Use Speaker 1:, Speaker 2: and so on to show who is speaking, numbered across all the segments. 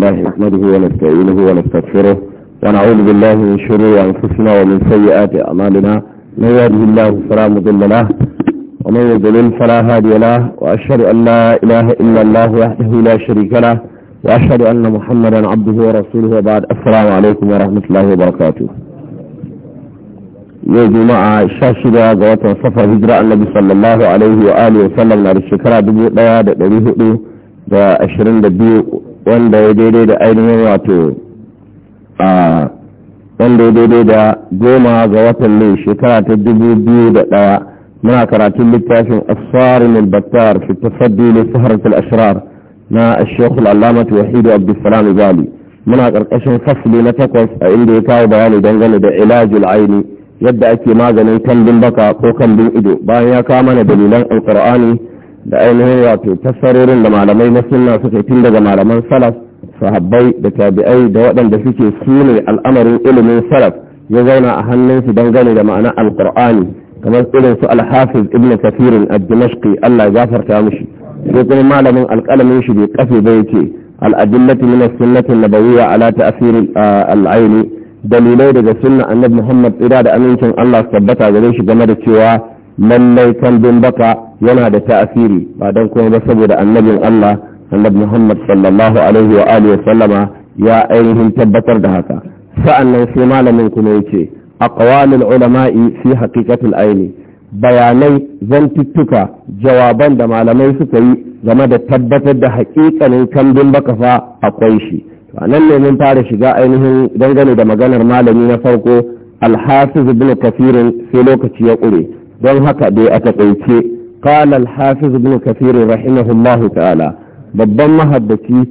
Speaker 1: الله نحمده ونستعينه ونستغفره ونعوذ بالله من شرور أنفسنا ومن سيئات أعمالنا من يهده الله فلا مضل له ومن يضلل فلا هادي له وأشهد أن لا إله إلا الله وحده لا شريك له وأشهد أن محمدا عبده ورسوله وبعد السلام عليكم ورحمة الله وبركاته yau juma'a sha shida ga watan safar hijira annabi sallallahu alaihi wa alihi wasallam na da shekara dubu daya da dari hudu da ashirin da biyu wanda ya daidai da ainihin wato a wanda ya daidai da goma ga watan mai shekara ta dubu biyu da ɗaya muna karatun littafin asarin albattar fi tafaddi ne saharatul ashirar na ashekul alamatu wahidu abdulsalam bali muna karkashin fasli na takwas a inda ya kawo bayani dangane da ilajul aini yadda ake maganin kambin baka ko kambin ido bayan ya kawo mana dalilan alƙur'ani da ainihin wato tasarorin da malamai na sunna suka yi tun daga malaman salaf sahabbai da tabi'ai da waɗanda suke sune al'amarin ilimin salaf ya zauna a hannunsu dangane da ma'ana alkur'ani kamar irin su alhafiz ibn kafirin ad Allah ya gafarta mishi sai kuma malamin alƙalamin shi bai kafe ba yake al-adillatu min as nabawiyya ala ta'sir al-ayni dalilai daga sunna annabi Muhammad tsira da amincin Allah tabbata gare shi game da cewa lallai kambin baka yana da ta'asiri ba don kuma ba saboda annabin Allah annabi Muhammad sallallahu alaihi wa alihi sallama ya ainihin tabbatar da haka sa'annan sai malamin kuma yace aqwalul ulama'i fi haqiqatul aini bayanai zantuttuka jawaban da malamai suka yi game da tabbatar da haƙiƙanin kambin baka fa akwai shi a nan ne mun fara shiga ainihin dangane da maganar malami na farko alhafiz ibn kafirin sai lokaci ya ƙure don haka dai a takaice qala al-hafiz ibn kathir rahimahullahu ta'ala babban mahaddaci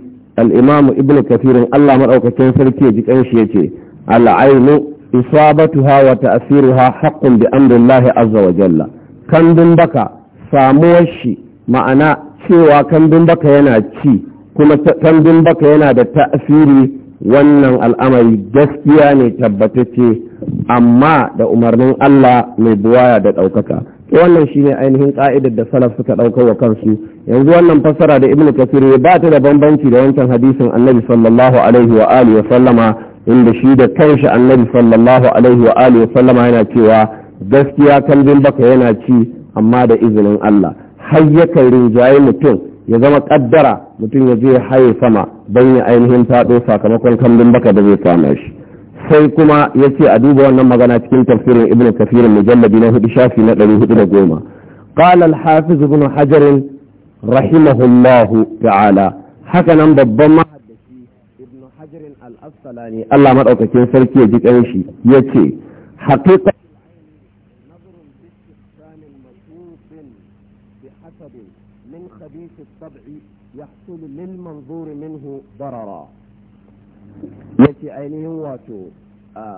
Speaker 1: al-imam ibn kathir Allah maɗaukacin sarki ya ji kanshi yace al-ainu isabatuha wa ta'siruha haqqun bi amri Allah azza wa jalla kandun baka samuwar shi ma'ana cewa kandun baka yana ci kuma kandun baka yana da ta'siri wannan al'amari gaskiya ne tabbatacce amma da umarnin Allah mai buwaya da ɗaukaka wannan shine ainihin ƙa'idar da salaf suka ɗauka wa kansu yanzu wannan fassara da Ibn kafir ya ba ta da bambanci da wancan hadisin annabi sallallahu alaihi wa alihi wa sallama inda shi da kanshi annabi sallallahu alaihi wa alihi wa sallama yana cewa gaskiya kalbin baka yana ci amma da izinin Allah har yakan rinjaye mutum ya zama ƙaddara mutum ya je haye sama don ya ainihin taɗo sakamakon kambin baka da zai kama shi sai kuma ya ce a duba wannan magana cikin tafsirin ibn kafir mujallabi na hudu shafi na ɗari hudu da goma قال الحافظ ابن حجر رحمه الله تعالى haka nan babban mahaddaci ibn hajar al-assalani Allah madaukakin sarki ya ji shi yace haqiqa nazrun bi istihsan mashuf bi hasab min al ya ainihin wato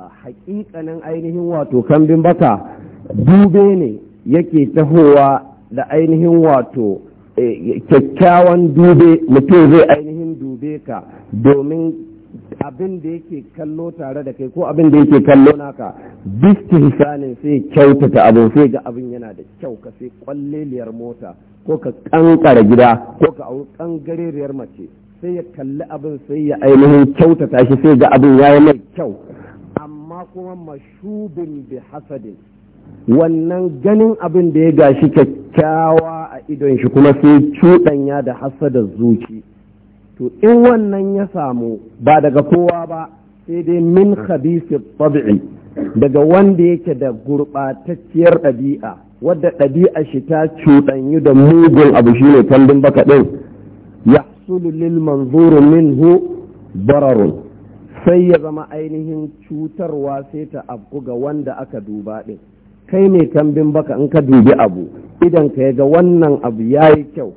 Speaker 1: haƙiƙanin ainihin wato kambin baka dube ne yake tahowa da ainihin wato e, kyakkyawan dube mutum zai ainihin dube ka domin abin da yake kallo tare da kai ko abin da yake kallo naka hisanin sai kyautata abin sai ga abin yana da kyau ka sai kwalliliyar mota ko ka kankara gida ko ka auri kangareriyar mace sai ya kalli abin sai ya ainihin kyautata shi sai ga abin ya yi mai kyau amma kuma mashubin bi hasadin wannan ganin abin da ya gashi kyakkyawa a idon shi kuma sai cuɗanya da hasadar zuci to in wannan ya samu ba daga kowa ba sai dai min khabisi tabi'i daga wanda yake da gurɓatacciyar ɗabi'a wadda ɗabi'a shi ta cuɗanyu da mugun abu shine kallon baka ɗin ya الرسول lil منه minhu bararun sai ya zama ainihin cutarwa sai ta abu ga wanda aka duba ɗin. kai ne kambin baka in ka dubi abu idan ka ga wannan abu yayi kyau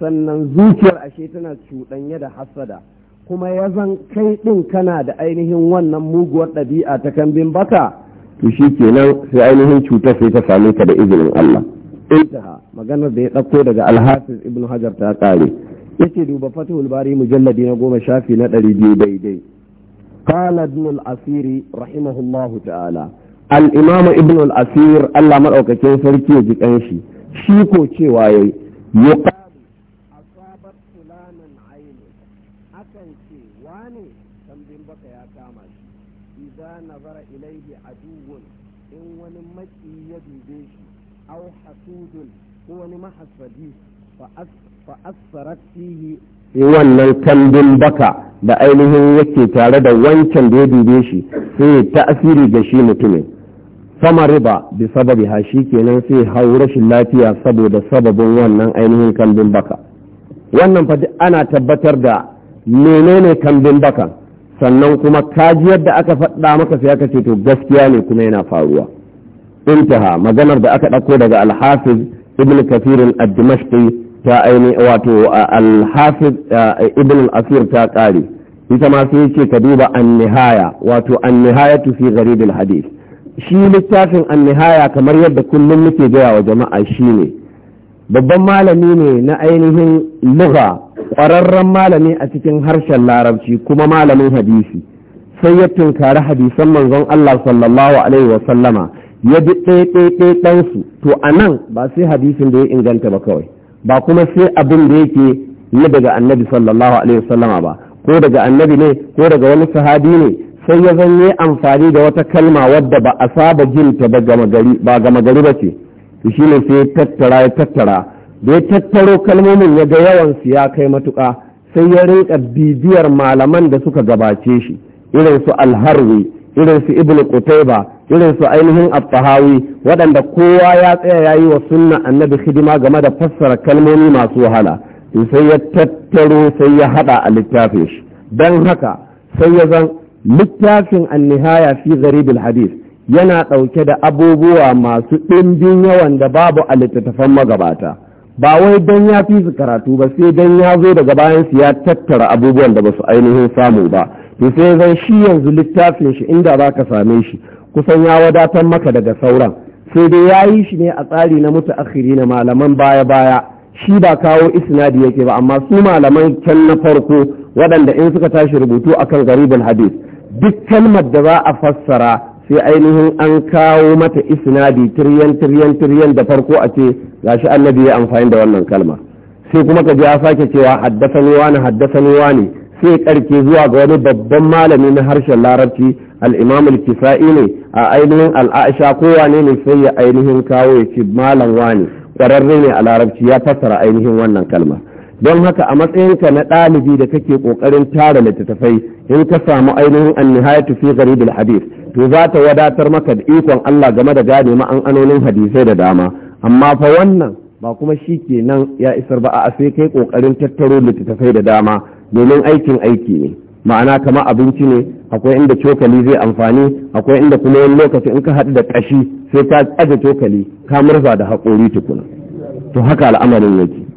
Speaker 1: sannan zuciyar ashe tana cuɗanya da hasada kuma ya zan kai ɗin kana da ainihin wannan muguwar ɗabi'a ta kambin baka to shi kenan sai ainihin cutar sai ta same ka da izinin Allah intaha maganar da ya ɗauko daga alhafiz ibn hajar ta ƙare yace duba fatihul bari mujalladi na goma shafi na ɗari biyu daidai qala ibn al-asiri rahimahullahu ta'ala al-imam ibn al-asir Allah madaukakin sarki ya ji kanshi shi ko cewa yayi yuqal asabat fulanan aini akan ce wane tambin baka ya kama shi idza nazara ilayhi aduwwun in wani maki ya dube shi aw hasudun ko wani mahasadi fa sai wannan kambin baka da ainihin yake tare da wancan da ya dube shi sai ya ta'asiri ga shi mutumin sama riba bi sababi ha shi kenan sai hau rashin lafiya saboda sababin wannan ainihin kambin baka wannan fa ana tabbatar da menene kambin baka, sannan kuma kajiyar da aka faɗa maka sai aka ce to gaskiya ne kuma yana faruwa intaha maganar da aka ɗauko daga alhafiz ibn kafirin ad-dimashqi ta aini wato alhafiz hafiz ibn al-asir ta kare ita ma sai ce ka duba an-nihaya wato an-nihayatu fi gharib al-hadith shi littafin an-nihaya kamar yadda kullum muke gaya wa jama'a shine babban malami ne na ainihin lugha ƙwararren malami a cikin harshen larabci kuma malamin hadisi sai ya tunkari hadisan manzon Allah sallallahu alaihi wa sallama ya bi ɗansu to a nan ba sai hadisin da ya inganta ba kawai ba kuma sai abin da yake na daga annabi sallallahu alaihi wasallama ba ko daga annabi ne ko daga wani sahabi ne sai ya zanye amfani da wata kalma wadda ba a saba jin ta ba gama gari ba gama gari ba ce shi shine sai tattara ya tattara da ya tattaro kalmomin ya ga yawan su ya kai matuƙa sai ya rinka bibiyar malaman da suka gabace shi irin su alharwi irin su ibn qutayba irin su ainihin at-tahawi waɗanda kowa ya tsaya yayi wa sunna annabi hidima game da fassara kalmomi masu wahala sai ya tattaro sai ya hada a littafin shi dan haka sai ya zan littafin an-nihaya fi gharibil hadith yana ɗauke da abubuwa masu ɗimbin yawan da babu a littattafan magabata ba wai dan ya fi su karatu ba sai dan ya zo daga bayan su ya tattara abubuwan da ba su ainihin samu ba to sai zan shi yanzu littafin shi inda za ka same shi kusan ya wadatar maka daga sauran sai dai ya yi shi ne a tsari na mutu akhiri na malaman baya baya shi ba kawo isnadi yake ba amma su malaman can na farko waɗanda in suka tashi rubutu akan garibul hadis duk kalmar da za a fassara sai ainihin an kawo mata isnadi tiryan tiryan tiryan da farko a ce gashi annabi ya amfani da wannan kalma sai kuma ka ji ya sake cewa haddasani wani haddasani wani sai karke zuwa ga wani babban malami na harshen larabci al-imam al-kisa'i ne a ainihin al'aisha ko wane ne sai ya ainihin kawo ya ce malam wani kwararre ne a larabci ya fassara ainihin wannan kalma don haka a matsayinka na ɗalibi da kake ƙoƙarin tara littattafai in ka samu ainihin nihayatu fi gharib hadith to za ta wadatar maka da ikon Allah game da gane anonin hadisai da dama amma fa wannan ba kuma shi ke nan ya isar ba a sai kai ƙoƙarin tattaro littattafai da dama domin aikin aiki ne ma'ana kama abinci ne akwai inda cokali zai amfani akwai inda kuma wani lokaci in ka haɗu da ƙashi sai ka aje cokali ka murza da haƙori tukuna to haka al'amarin yake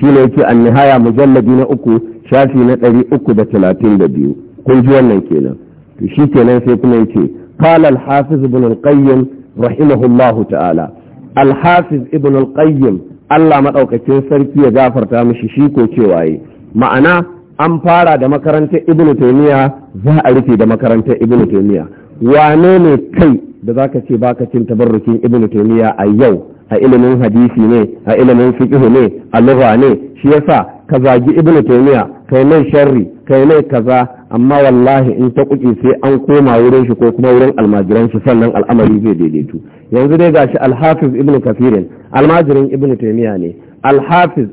Speaker 1: shi ne yake an nihaya mujalladi na uku shafi na ɗari uku da talatin da biyu kun ji wannan kenan to shi kenan sai kuma yace qala al-hafiz ibn al-qayyim rahimahullahu ta'ala al-hafiz ibn al-qayyim Allah madaukakin sarki ya gafarta mishi shi ko cewa yi ma'ana an fara da makarantar ibn taymiya za a rufe da makarantar ibn taymiya wane ne kai da zaka ce baka cin tabarrukin ibn taymiya a yau a ilimin hadisi ne a ilimin fiqh ne a lugha ne shi yasa ka zagi ibnu taymiya kai mai sharri kai mai kaza amma wallahi in ta kuke sai an koma wurin shi ko kuma wurin almajiran shi sannan al'amari zai daidaitu yanzu dai gashi alhafiz ibnu kafirin almajirin ibnu taymiya ne alhafiz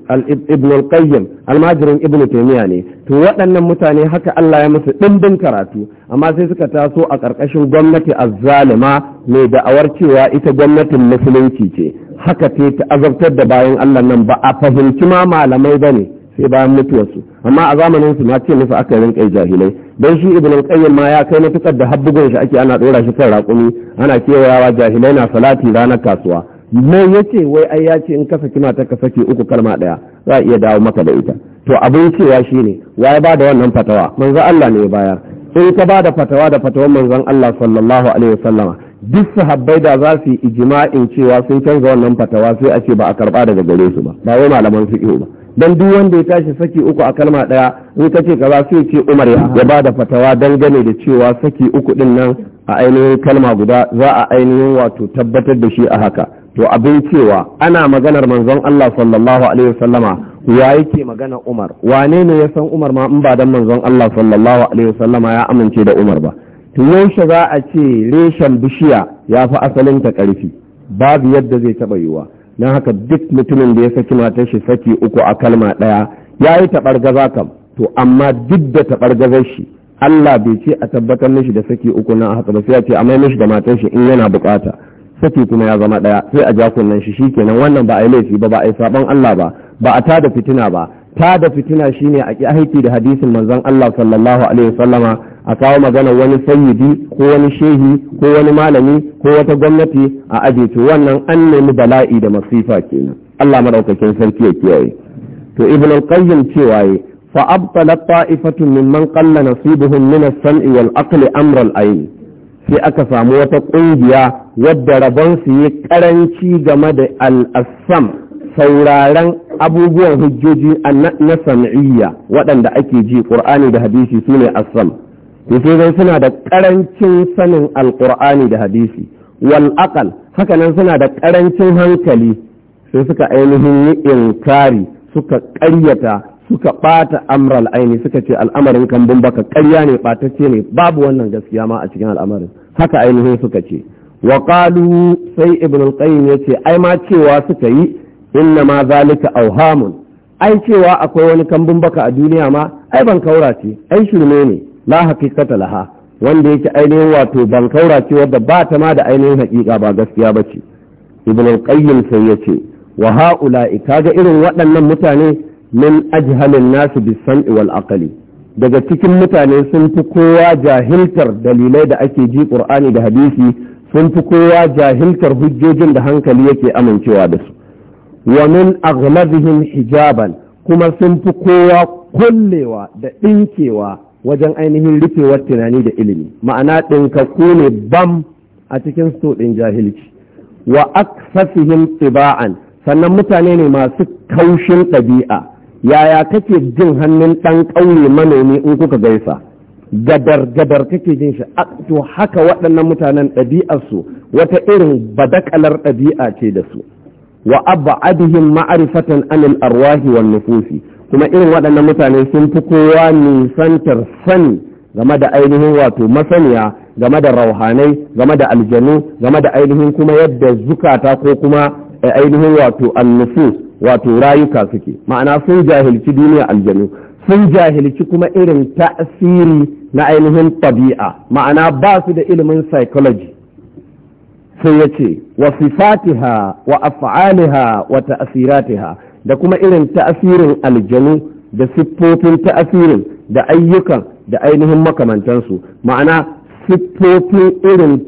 Speaker 1: ibnu al-qayyim almajirin ibn taymiya ne to waɗannan mutane haka Allah ya musu ɗimbin karatu amma sai suka taso a ƙarƙashin gwamnati az-zalima mai da'awar cewa ita gwamnatin musulunci ce haka ce ta azabtar da bayan Allah nan ba a fahimci ma malamai ba ne sai bayan mutuwarsu amma a zamanin su na ce musu aka rinƙa jahilai don shi ibn qayyim ma ya kai matukar da habbugun shi ake ana dora shi kan raƙumi ana kewayawa jahilai na salati ranar kasuwa mai yace wai ai yace in ka saki mata ka saki uku kalma daya za a iya dawo maka da ita to abin cewa shine ya ba da wannan fatawa manzo Allah ne ya bayar in ka bada fatawa da fatawan manzon Allah sallallahu alaihi wasallama duk sahabbai da za su yi ijma'in cewa sun canza wannan fatawa sai a ce ba a karba daga gare su ba ba wai malaman fiqh ba dan duk wanda ya tashi saki uku a kalma daya in ka ce kaza sai ce Umar ya ba da fatawa dangane da cewa saki uku din nan a ainihin kalma guda za a ainihin wato tabbatar da shi a haka to abin cewa ana maganar manzon Allah sallallahu alaihi wasallama ya yake magana Umar wane ne ya san Umar ma in ba dan manzon Allah sallallahu alaihi wasallama ya amince da Umar ba to yaushe za a ce reshen bishiya ya fi asalinta ƙarfi babu yadda zai taɓa yiwa don haka duk mutumin da ya saki matar shi saki uku a kalma ɗaya ya yi taɓar gaza kam to amma duk da taɓar gazar shi Allah bai ce a tabbatar mishi da saki uku na haka ba sai ya ce a mai mishi da matar shi in yana bukata saki kuma ya zama ɗaya sai a ja kunnen shi shikenan wannan ba a yi laifi ba ba a yi saɓon Allah ba ba a tada fitina ba ta fitina shine a aiki da hadisin manzon Allah sallallahu alaihi wasallama a kawo magana wani sayyidi ko wani shehi ko wani malami ko wata gwamnati a aje to wannan an nemi bala'i da masifa kenan Allah madaukakin sarki ya kiyaye to ibn al-qayyim cewa yi fa abtala ta'ifatu mimman qalla nasibuhum min as-sam'i wal aqli amra al-ayn sai aka samu wata kungiya wadda rabon su yi karanci game da al-assam sauraron abubuwan hujjoji na sam'iyya waɗanda ake ji qur'ani da hadisi sune as-sam yake zai suna da ƙarancin sanin Alƙur'ani da hadisi wal aqal hakanan suna da ƙarancin hankali sai suka ainihin yi inkari suka ƙaryata suka ɓata amral aini suka ce al'amarin kambun baka ƙarya ne ɓatacce ne babu wannan gaskiya ma a cikin al'amarin haka ainihin suka ce wa qalu sai ibn al-qayyim yace ai ma cewa suka yi inna ma zalika awhamun ai cewa akwai wani kambun baka a duniya ma ai ban kaura ce ai shirme ne la haqiqata laha wanda yake ainihin wato bankaura ce wadda ba ta ma da ainihin haƙiƙa ba gaskiya ba ce ibn al-qayyim sai yace wa haula'i kaga irin waɗannan mutane min ajhalin nasu bis sam'i wal aqli daga cikin mutane sun fi kowa jahiltar dalilai da ake ji qur'ani da hadisi sun fi kowa jahiltar hujjojin da hankali yake amincewa da su wa min aghlabihim hijaban kuma sun fi kowa kullewa da ɗinkewa wajen ainihin rufewar tunani da ilimi ma'ana ɗinkakku ne bam a cikin sto jahilci wa aksasihim tsiba'an sannan mutane ne masu kaushin ɗabi'a yaya kake jin hannun ɗan ƙauye manomi in kuka gaisa gadar gadar kake jin shi to haka waɗannan mutanen ɗabi'arsu wata irin badakalar ɗabi'a ce da su wa abadihim ma'arifatan anil arwahi wan nufusi kuma irin waɗannan mutane sun fi kowa nisantar sani game da ainihin wato masaniya game da rauhanai game da aljanu game da ainihin kuma yadda zukata ko kuma eh, ainihin wato annufu wato rayuka suke ma'ana sun jahilci duniya aljanu sun jahilci kuma irin tasiri na ainihin tabi'a ma'ana ba su da ilimin psychology sai ya ce wa sifatiha wa af'aliha wa ta'asiratiha da kuma irin ta'asirin aljanu da siffofin ta'asirin da ayyukan da ainihin makamantansu ma'ana siffofin irin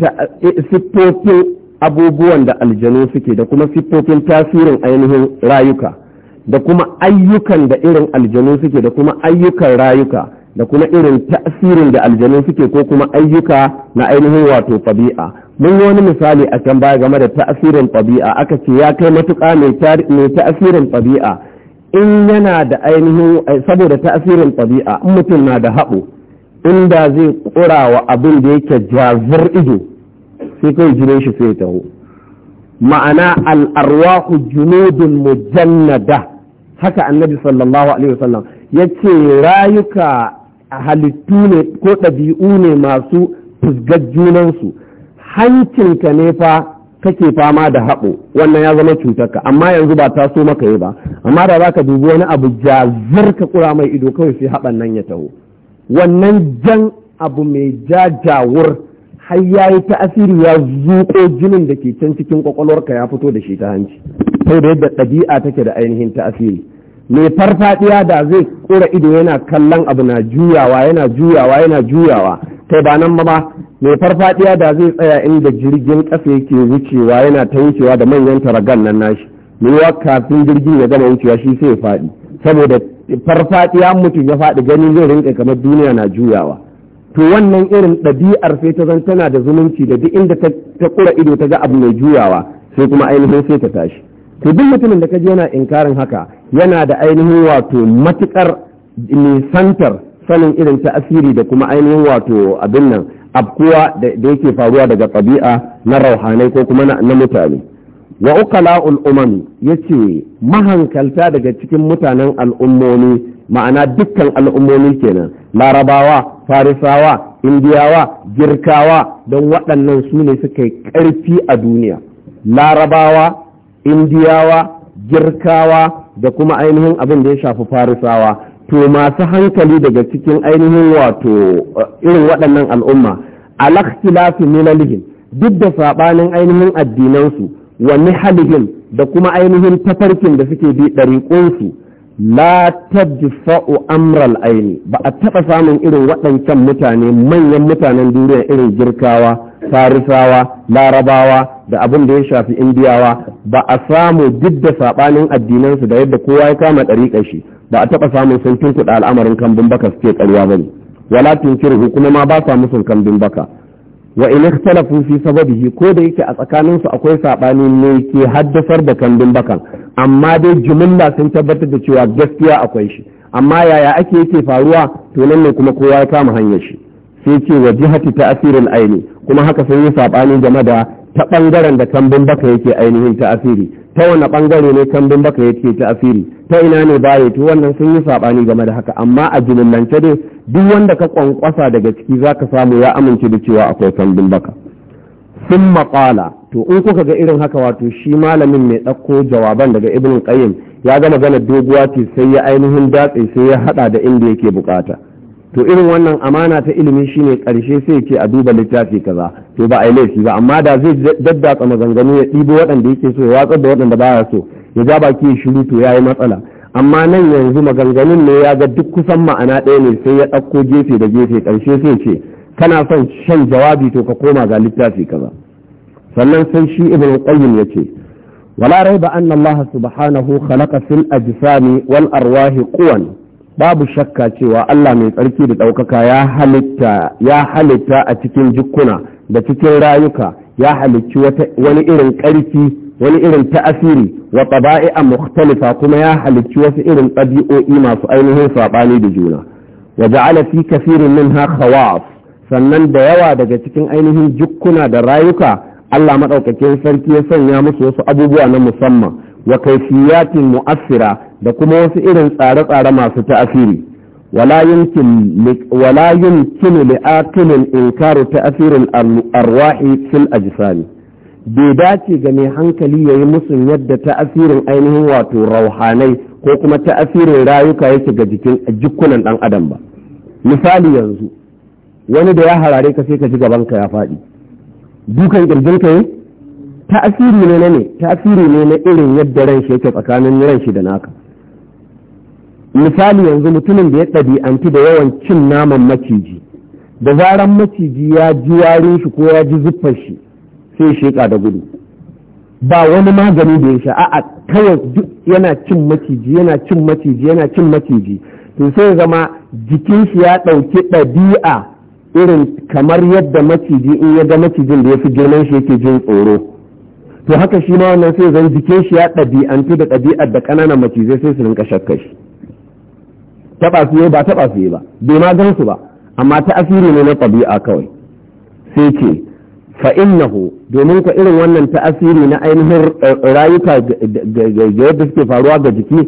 Speaker 1: siffofin abubuwan da aljanu suke da kuma siffofin tasirin ainihin rayuka da kuma ayyukan da irin aljanu suke da kuma ayyukan rayuka da kuma irin tasirin da aljanu suke ko kuma ayyuka na ainihin wato tabi'a mun yi wani misali a can baya game da tasirin tabi'a aka ce ya kai matuƙa mai tasirin tabi'a in yana da ainihin eh, saboda tasirin tabi'a in mutum na da haɓo inda zai ƙura wa abin da yake jazar ido sai kai jinin shi sai taho ma'ana al'arwahu junudun mujannada haka annabi sallallahu alaihi wasallam ya ce rayuka A halittu ne ko ɗabi'u ne masu fusgar junansu hancinka ne fa kake fama da haɓo wannan ya zama cutarka amma yanzu ba ta so maka yi ba amma da zaka dubi wani abu jazar ka kura mai ido kawai sai haɓan nan ya taho wannan jan abu mai jajawur har ya yi ta'asiri ya zuƙo jinin da ke can cikin ƙwaƙwalwarka, ya fito da shi ta hanci sau da yadda ɗabi'a take da ainihin ta'asiri mai farfadiya da zai kura ido yana kallon abu na juyawa yana juyawa yana juyawa kai ba nan ba mai farfadiya da zai tsaya inda jirgin ƙasa yake wucewa yana ta wucewa da manyan taragan nan nashi yiwuwa kafin jirgin ya gama wucewa shi sai ya faɗi saboda farfadiya mutum ya faɗi gani zai rinka kamar duniya na juyawa to wannan irin ɗabi'ar sai ta zan tana da zumunci da duk inda ta kura ido ta ga abu mai juyawa sai kuma ainihin sai ta tashi to duk mutumin da ka je yana inkarin haka yana da ainihin wato matuƙar nisantar sanin irin ta asiri da kuma ainihin wato abin nan abkuwa da yake faruwa daga ɗabi'a na rauhanai ko kuma na mutane wa ukala al'umami ya ce mahankalta daga cikin mutanen al'ummomi ma'ana dukkan al'ummomi kenan larabawa farisawa indiyawa girkawa don waɗannan su ne suka yi ƙarfi a duniya larabawa indiyawa girkawa da kuma ainihin abin da ya shafi farisawa to masu hankali daga cikin ainihin wato eh, irin waɗannan al'umma alakhtilafi milalihim duk da saɓanin ainihin addinansu wani haligin da kuma ainihin tafarkin da suke bi ɗariƙunsu la tadfa'u amral aini ba a taɓa samun irin waɗancan mutane manyan mutanen duniya irin girkawa farisawa larabawa da abin da ya shafi indiyawa ba a samu duk da saɓanin addinansu da yadda kowa ya kama ɗariƙar shi ba a taɓa samun sun tunkuɗa al'amarin kambun baka suke ƙarya ba ne wala tunkiru kuma ma ba sa musun kambun baka wa in ikhtalafu fi sababihi ko da yake a tsakaninsu akwai saɓani ne ke haddasar da kambun bakan amma dai jumilla sun tabbatar da cewa gaskiya akwai shi amma yaya ake yake faruwa to nan ne kuma kowa ya kama hanyar shi sai ce wa jihati ta'asirin aini kuma haka sun yi sabani game da ta bangaren da kambin baka yake ainihin ta'asiri ta wani bangare ne kambin baka yake ta'asiri ta ina ne baya to wannan sun yi sabani game da haka amma a jumillance dai duk wanda ka kwankwasa daga ciki zaka samu ya amince da cewa akwai kambin baka sun maƙala to in kuka ga irin haka wato shi malamin mai ɗauko jawaban daga ibn qayyim ya ga gana doguwa ce sai ya ainihin datse sai ya hada da inda yake bukata to irin wannan amana ta ilimi shine karshe sai ce a duba littafi kaza to ba a yi laifi ba amma da zai daddatsa maganganu ya ɗibo waɗanda yake so ya watsar da waɗanda ya so ya ja baki ya shiru to ya yi matsala amma nan yanzu maganganun ne ya ga duk kusan ma'ana ɗaya ne sai ya ɗauko gefe da gefe karshe sai ce kana son shan jawabi to ka koma ga littafi kaza sannan sai shi ibn qayyim yace wala raiba anna allah subhanahu khalaqa fil ajsami wal arwahi quwan babu shakka cewa allah mai tsarki da daukaka ya halitta ya halitta a cikin jikuna da cikin rayuka ya halicci wani irin karfi wani irin ta'asiri wa taba'i'a mukhtalifa kuma ya halicci wasu irin ɗabi'o'i masu ainihin saɓani da juna wa ja'ala fi min minha khawaf sannan da yawa daga cikin ainihin jukkuna da rayuka Allah maɗaukakin sarki ya sanya musu wasu abubuwa na musamman wa kaifiyatin mu'assira da kuma wasu irin tsare-tsare masu ta'asiri wala yumkinu in inkaru ta'asirin arwahi fil ajsami bai dace ga mai hankali ya yi musu yadda ta'asirin ainihin wato rauhanai ko kuma ta'asirin rayuka yake ga jikin jikunan ɗan adam ba misali yanzu wani da ya harare ka sai ka ji gaban ka ya faɗi dukan ƙirjinka ne tasiri ne na ne ne na irin yadda ran shi yake tsakanin ran shi da naka misali yanzu mutumin da ya ɗabi'anti da yawan cin naman maciji da zaran maciji ya ji warin shi ko ya ji zuffar shi sai sheka da gudu ba wani magani da ya sha a'a kawai duk yana cin maciji yana cin maciji yana cin maciji Tun sai zama jikin shi ya ɗauki ɗabi'a irin kamar yadda maciji in ya ga macijin da ya fi girman shi yake jin tsoro to haka shi ma wannan sai zan jikin shi ya ɗabi'antu da ɗabi'ar da ƙananan macizai sai su rinka shakka shi taɓa su ba taɓa su ba bai ma gan su ba amma ta asiri ne na ɗabi'a kawai sai ce fa innahu domin ka irin wannan ta asiri na ainihin eh, rayuka ga yadda suke faruwa ga jiki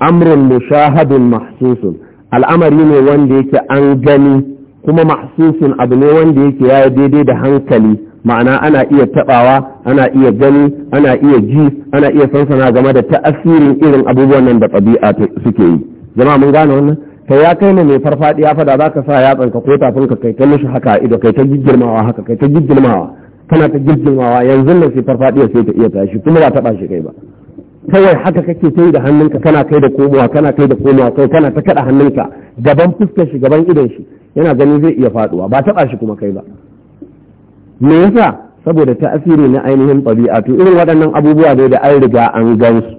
Speaker 1: amrun mushahadun mahsusun al'amari ne wanda yake an gani kuma mahsusin abu ne wanda yake ya daidai da hankali ma'ana ana iya tabawa ana iya gani ana iya ji ana iya sansana game da ta'asirin irin abubuwan nan da ɗabi'a suke yi zama mun gane wannan ta ya kai ne mai farfadiya fada za ka sa ya ka ko tafin ka kai ta mishi haka ido kai ta giggirmawa haka kai ta giggirmawa kana ta giggirmawa yanzu nan sai farfadiya sai ta iya tashi kuma ba taɓa shi kai ba kawai haka kake ta yi da hannunka kana kai da komowa kana kai da komowa kai kana ta kada hannunka gaban fuskar shi gaban idon shi yana ganin zai iya faduwa ba taba shi kuma kai ba me yasa saboda ta'asiri na ainihin ɗabi'a to irin waɗannan abubuwa dai da an riga an gan su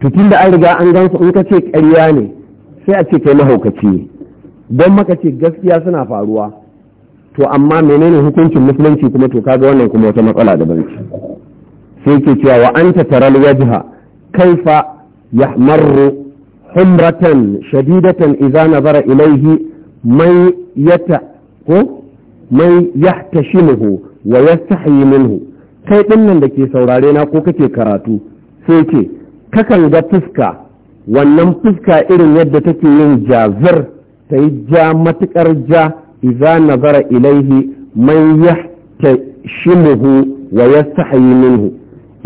Speaker 1: tutun da an riga an gan in ka ce ƙarya ne sai a ce kai mahaukaci ne don maka ce gaskiya suna faruwa to amma menene hukuncin musulunci kuma to kaga wannan kuma wata matsala da banci sai ke cewa wa anta taral wajha kaifa Yahmaru, humratan shadidatan idza nazara ilayhi man yata ko man yahtashimuhu wa minhu kai din nan da ke saurare na ko kake karatu sai ce kakan ga fuska wannan fuska irin yadda take yin jazir ta yi ja matukar ja idza nazara ilaihi man yahtashimuhu wa yastahyi minhu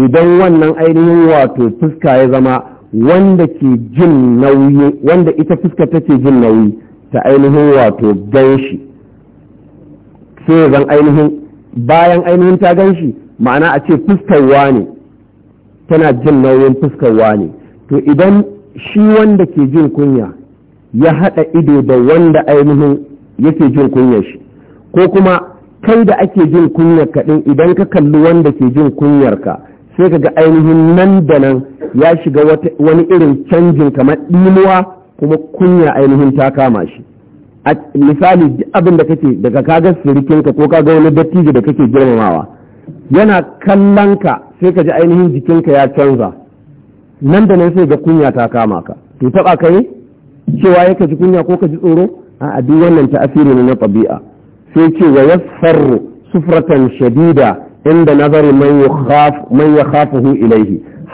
Speaker 1: idan wannan ainihin wato fuska ya zama wanda ke jin nauyi wanda ita fuska take jin nauyi ta ainihin wato gan shi sai zan ainihin bayan ainihin ta gan shi ma'ana a ce fuskarwa ne tana jin nauyin fuskarwa ne to idan shi wanda ke jin kunya ya haɗa ido da wanda ainihin yake jin kunyar shi ko kuma kai da ake jin kunyar kaɗin idan ka kalli wanda ke jin kunyar ka sai ka ga ainihin nan da nan ya shiga wani irin canjin kamar ɗimuwa kuma kunya ainihin ta kama shi a misali abin da kake daga kaga sirikinka ko kaga wani dattijo da kake girmamawa yana kallon ka sai ka ji ainihin jikinka ya canza nan da nan sai ga kunya ta kama ka to taba ka ne cewa ya ka ji kunya ko ka ji tsoro a duk wannan asiri ne na tabi'a sai ce wa yasfarru sufratan shadida inda nazari man ya kafa yakhafuhu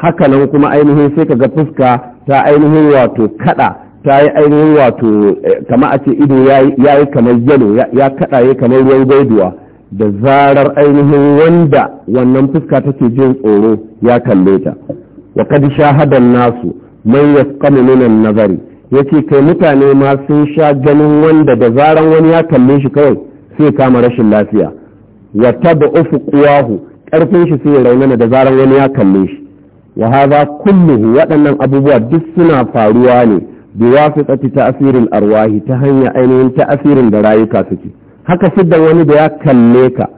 Speaker 1: haka nan kuma ainihin sai ka ga fuska ta ainihin wato kaɗa. ta yi ainihin wato eh, kama a ce ido ya yi kamar yalo ya ya kamar ruwan gaiduwa da zarar ainihin wanda wannan fuska take jin tsoro ya kalle ta wa kad shahadan nasu man yasqamu min nazari yace kai mutane ma sun sha ganin wanda da zarar wani ya kalle shi kawai sai kama rashin lafiya wa tad'ufu quwahu karfin shi sai raunana da zarar wani ya kalle shi wa hadha kulluhu waɗannan abubuwa duk suna faruwa ne bi wasiqati ta'siril arwahi ta hanya ainihin ta'sirin da rayuka suke haka siddan wani da ya kalle ka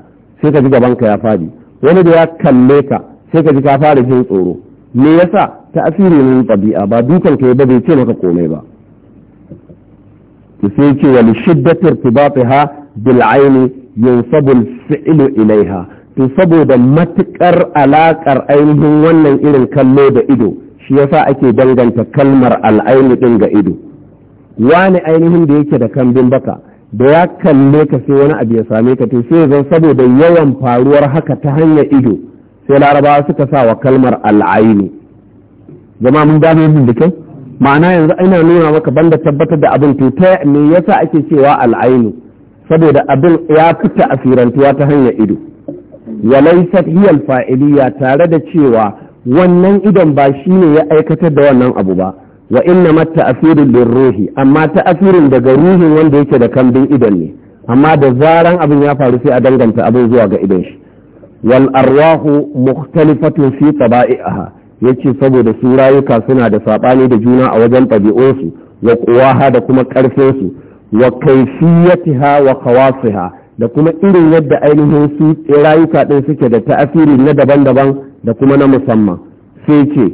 Speaker 1: sai ka ji gaban ka ya fadi wani da ya kalle ka sai ka ji ka fara jin tsoro me yasa ta'siri ne tabi'a ba dukan ka ba bai ce maka komai ba sai ce wal shiddati irtibatiha bil aini yansabu al fi'lu ilaiha to saboda matukar alakar ainihin wannan irin kallo da ido shi yasa ake danganta kalmar al'aini din ga ido wani ainihin da yake da kambin baka da ya kalle ka sai wani abu ya same ka to sai zan saboda yawan faruwar haka ta hanyar ido sai larabawa suka sa wa kalmar al'aini. zama mun gano yin da kyau ma'ana yanzu ina nuna maka banda tabbatar da abin to ta me yasa ake cewa al'aini. saboda abin ya fita asirantuwa ta hanyar ido walaisat hiyal fa'iliyya tare da cewa wannan idan ba shi ne ya aikatar da wannan abu ba wa inna ma ta'firin lil ruhi amma ta'asirin daga ruhin wanda yake da kambin idan ne amma da zaran abin ya faru sai a danganta abin zuwa ga idan shi wal arwahu mukhtalifatun fi taba'iha yace saboda su rayuka suna da sabani da juna a wajen ɗabi'unsu wa quwaha da kuma ƙarfinsu wa kaifiyatiha wa khawasiha da kuma irin yadda ainihin su rayuka ɗin suke da ta'asiri na daban-daban da kuma na musamman sai ce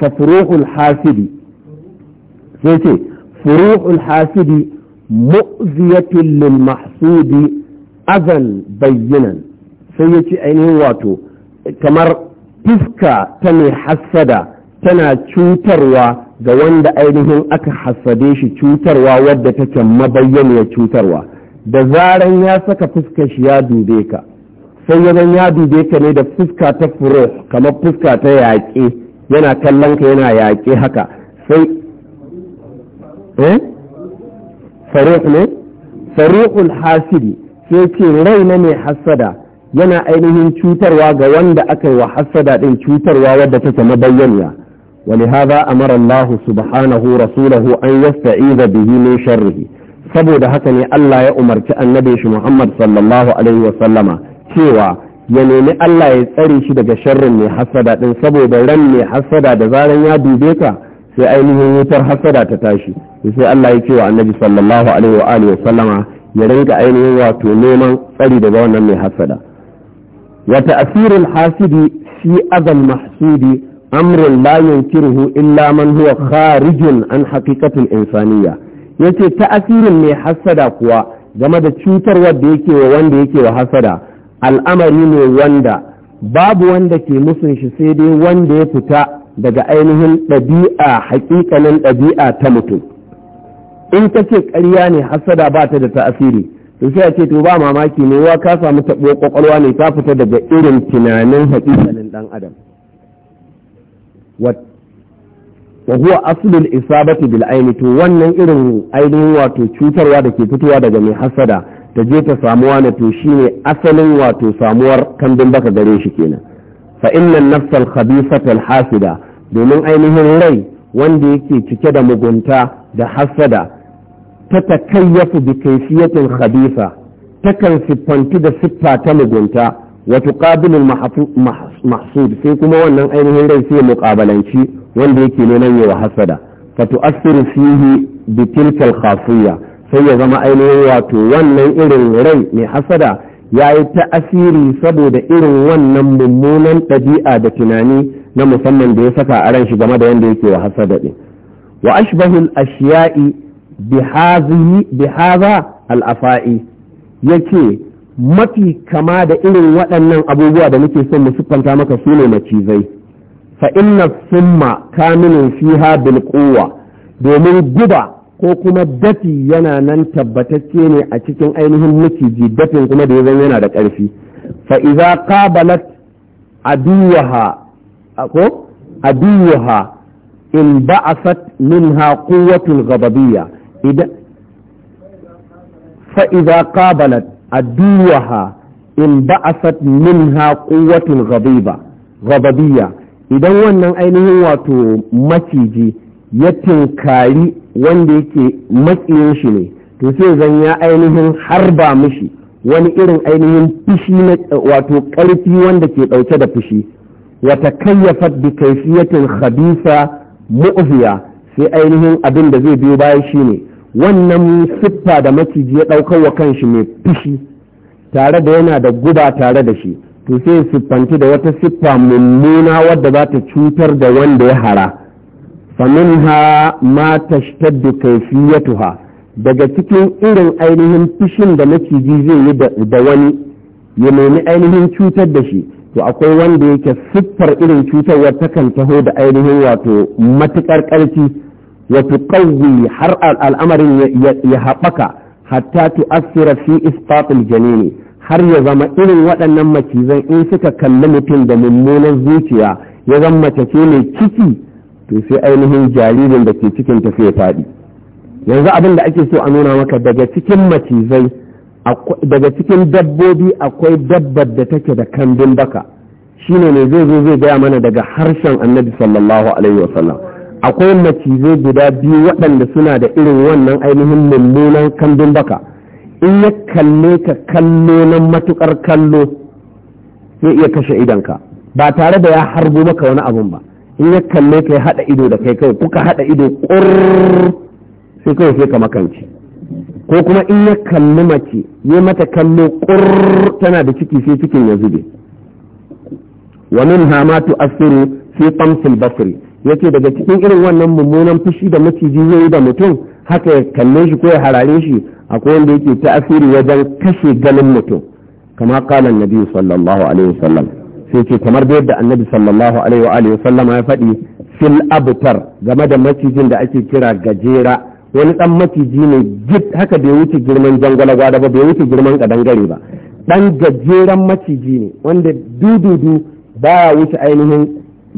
Speaker 1: fafuruhul hasidi sai ce furuhul hasidi mu'ziyatun lil mahsudi azan bayyanan sai ya ce ainihin wato kamar fuska ta mai hassada tana cutarwa ga wanda ainihin aka hassade shi cutarwa wadda take mabayyaniyar cutarwa da zaran ya saka fuskar shi ya dube ka sai yanan ya dube ka ne da fuska ta furo kamar fuska ta yaƙe yana kallon ka yana yaƙe haka sai eh faruk ne faruqul hasidi sai ce rai na mai hasada yana ainihin cutarwa ga wanda aka yi wa hasada din cutarwa wadda take mabayyaniya ولهذا أمر الله سبحانه رسوله أن يستعيذ به من شره saboda haka ne Allah ya umarci annabi shi Muhammad sallallahu alaihi wa sallama cewa ya nemi Allah ya tsare shi daga sharrin mai hasada din saboda ran mai hasada da zaran ya dube ka sai ainihin wutar hasada ta tashi sai Allah ya ce wa annabi sallallahu alaihi wa alihi wa sallama ya rinka ainihin wato neman tsari daga wannan mai hasada wa ta'sirul hasidi fi azal mahsudi amrun la yunkiruhu illa man huwa kharijun an haqiqatil insaniyya yace ta'asirin mai hasada kuwa game da cutarwar da yake wa wanda yake wa hasada al'amari ne wanda babu wanda ke musun shi sai dai wanda ya fita daga ainihin ɗabi'a hakikanin ɗabi'a ta mutum in ka ce ƙarya ne hasada ba ta da ta'asiri to sai a ce to ba mamaki ne wa ka samu taɓo ƙwaƙwalwa ne ta fita daga irin tunanin hakikanin ɗan adam wa huwa aslul isabati bil aini wannan irin ainihin wato cutarwa da ke fitowa daga mai hasada ta je ta samuwa wani to shine asalin wato samuwar kambin baka gare shi kenan fa innan nafsal khabisata al hasida domin ainihin rai wanda yake cike da mugunta da hasada ta takayyafu bi kayfiyatin khabisa takan siffanti da siffa ta mugunta wa tuqabilu al mahsud sai kuma wannan ainihin rai sai muqabalanci wanda yake neman yawa hasada fatu'assiru fihi bi tilkal khafiyya sai ya zama ainihin wato wannan irin rai mai hasada ya yi ta'asiri saboda irin wannan mummunan ɗabi'a da tunani na musamman da ya saka a ran shi game da yanda yake wa hasada ɗin wa ashbahul ashiya'i bi haza al'afa'i yake mafi kama da irin waɗannan abubuwa da muke son mu siffanta maka su ne macizai fa inna summa kamilun fiha bil quwwa domin guba ko kuma dafi yana nan tabbatacce ne a cikin ainihin miciji dafin kuma da yanzu yana da ƙarfi fa idza qabalat aduwaha ko aduwaha in ba'asat minha quwwatul ghadabiyya idan fa idza qabalat aduwaha in ba'asat minha quwwatul ghadiba ghadabiyya idan wannan ainihin wato maciji ya tinkari wanda yake makiyin shi ne to sai zan ya ainihin harba mishi wani irin ainihin fishi na wato karfi wanda ke ɗauke da fushi wata kayyafa bi kaifiyatin khabisa mu'ziya sai ainihin abin da zai biyo baya shi ne. wannan siffa da maciji ya ɗaukar wa kanshi mai fushi tare da yana da guba tare da shi to sai siffanci da wata siffa mummuna wadda za ta cutar da wanda ya hara ha ma tashtaddu kayfiyatuha daga cikin irin ainihin fishin da maciji zai yi da wani ya nemi ainihin cutar da shi to akwai wanda yake siffar irin cutarwar takan taho da ainihin wato matuƙar ƙarfi wato kawwi har al'amarin ya haɓaka hatta tu'assira fi isfatul janini har ya zama irin waɗannan macizan in suka kalli mutum da mummunan zuciya ya zama mace ce mai ciki to sai ainihin jaririn da ke cikin tafiya faɗi yanzu abin da ake so a nuna maka daga cikin macizai daga cikin dabbobi akwai dabbar da take da kambin baka shine ne zai zo zai gaya mana daga harshen annabi sallallahu alaihi wasallam akwai macizai guda biyu waɗanda suna da irin wannan ainihin mummunan kambin baka in ya kalle ka kallo na matukar kallo zai iya kashe idonka ba tare da ya harbo maka wani abun ba in ya kalle ka ya haɗa ido da kai kawai kuka haɗa ido ƙurr sai kawai sai ka makanci ko kuma in ya kalli mace ya mata kallo ƙurr tana da ciki sai cikin ya zube wa min hama asiru fi yace daga cikin irin wannan mummunan fushi da maciji zai yi da mutum haka ya kalle shi ko ya harare shi akwai wanda yake ta'asiri wajen kashe ganin mutum kama kalan nabi sallallahu alaihi wasallam sai ce kamar da yadda annabi sallallahu alaihi wa alihi wasallam ya faɗi fil abtar game da macijin da ake kira gajera wani dan maciji ne git haka bai wuce girman jangwalagwa da ba bai wuce girman kadangare ba dan gajeren maciji ne wanda dududu baya wuce ainihin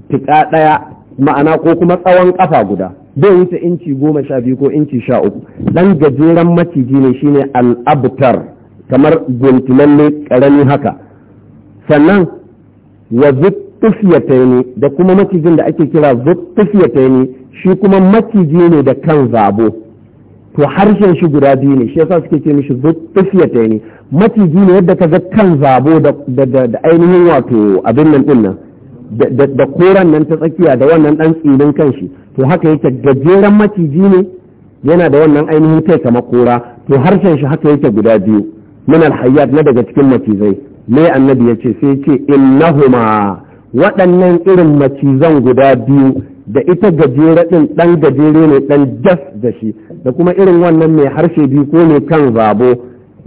Speaker 1: tika daya ma'ana ko kuma tsawon kafa guda bai wuce inci goma sha biyu ko inci sha uku ɗan gajeren maciji ne shine al'abtar kamar guntunanne karami haka sannan wa zuttufiyataini da kuma macijin da ake kira zuttufiyataini shi kuma maciji ne da kan zabo to harshen shi guda biyu ne shi yasa suke ce mishi zuttufiyataini maciji ne yadda ka ga kan zabo da ainihin wato abin nan din da koran nan ta tsakiya da wannan dan tsinin kan shi to haka yake gajeren maciji ne yana da wannan ainihin kai kamar kora to harshen shi haka yake guda biyu min alhayyat na daga cikin macizai mai annabi ya ce sai ce innahuma waɗannan irin macizan guda biyu da ita gajere ɗin ɗan gajere ne ɗan jas da shi da kuma irin wannan mai harshe biyu ko mai kan zabo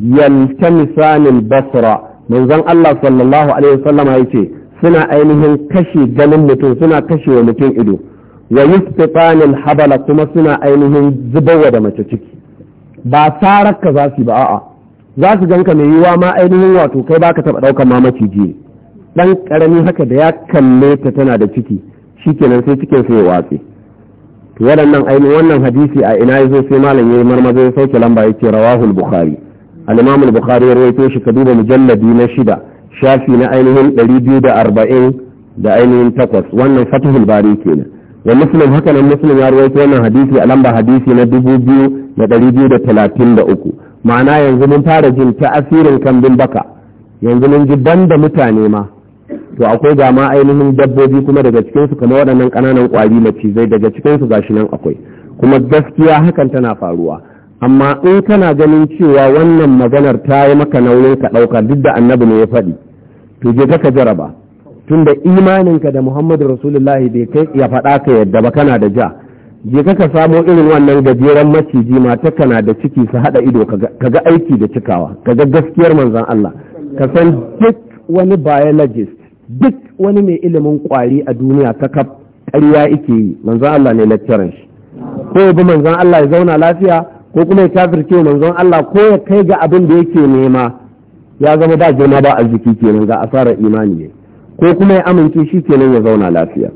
Speaker 1: yalta misalin basra manzon Allah sallallahu alaihi wasallama ya suna ainihin kashe ganin mutum suna kashe wa mutum ido wa yuktifanil habala kuma suna ainihin zubarwa da mace ciki ba tarakka za su ba a'a za su ganka mai yiwa ma ainihin wato kai baka taba ɗaukar ma maciji ne dan karami haka da ya kalle ta tana da ciki shikenan sai cikin sai ya watse to waɗannan ainihin wannan hadisi a ina yazo sai malam yayi marmaza ya sauke lamba yake rawahul bukhari al-imam al-bukhari ya rawaito shi ka duba mujalladi na shida shafi na ainihin 240 da ainihin takwas wannan fatihul bari kenan wa muslim haka nan muslim ya rawaito wannan hadisi a lamba hadisi na dubu biyu ma'ana yanzu mun fara jin ta'asirin kambin baka yanzu mun ji banda mutane ma to akwai ga ma ainihin dabbobi kuma daga cikinsu kamar waɗannan ƙananan ƙwari macizai daga cikinsu gashi nan akwai kuma gaskiya hakan tana faruwa amma in kana ganin cewa wannan maganar ta yi maka nauyin ka ɗauka duk da annabi ne ya faɗi to je ka jaraba tunda imaninka da muhammadu rasulullahi bai kai ya faɗa ka yadda ba kana da ja je ka samo irin wannan gajeren maciji mata kana da ciki su haɗa ido ka ga aiki da cikawa ka ga gaskiyar manzan Allah ka san duk wani biologist duk wani mai ilimin kwari a duniya ka kaf ƙarya yake yi manzan Allah ne lecturer shi ko ya bi manzan Allah ya zauna lafiya ko kuma ya kafirce manzon Allah ko ya kai ga abin da yake nema ya zama da jama'a ba arziki kenan ga asarar imani ne ko kuma ya amince shi kenan ya zauna lafiya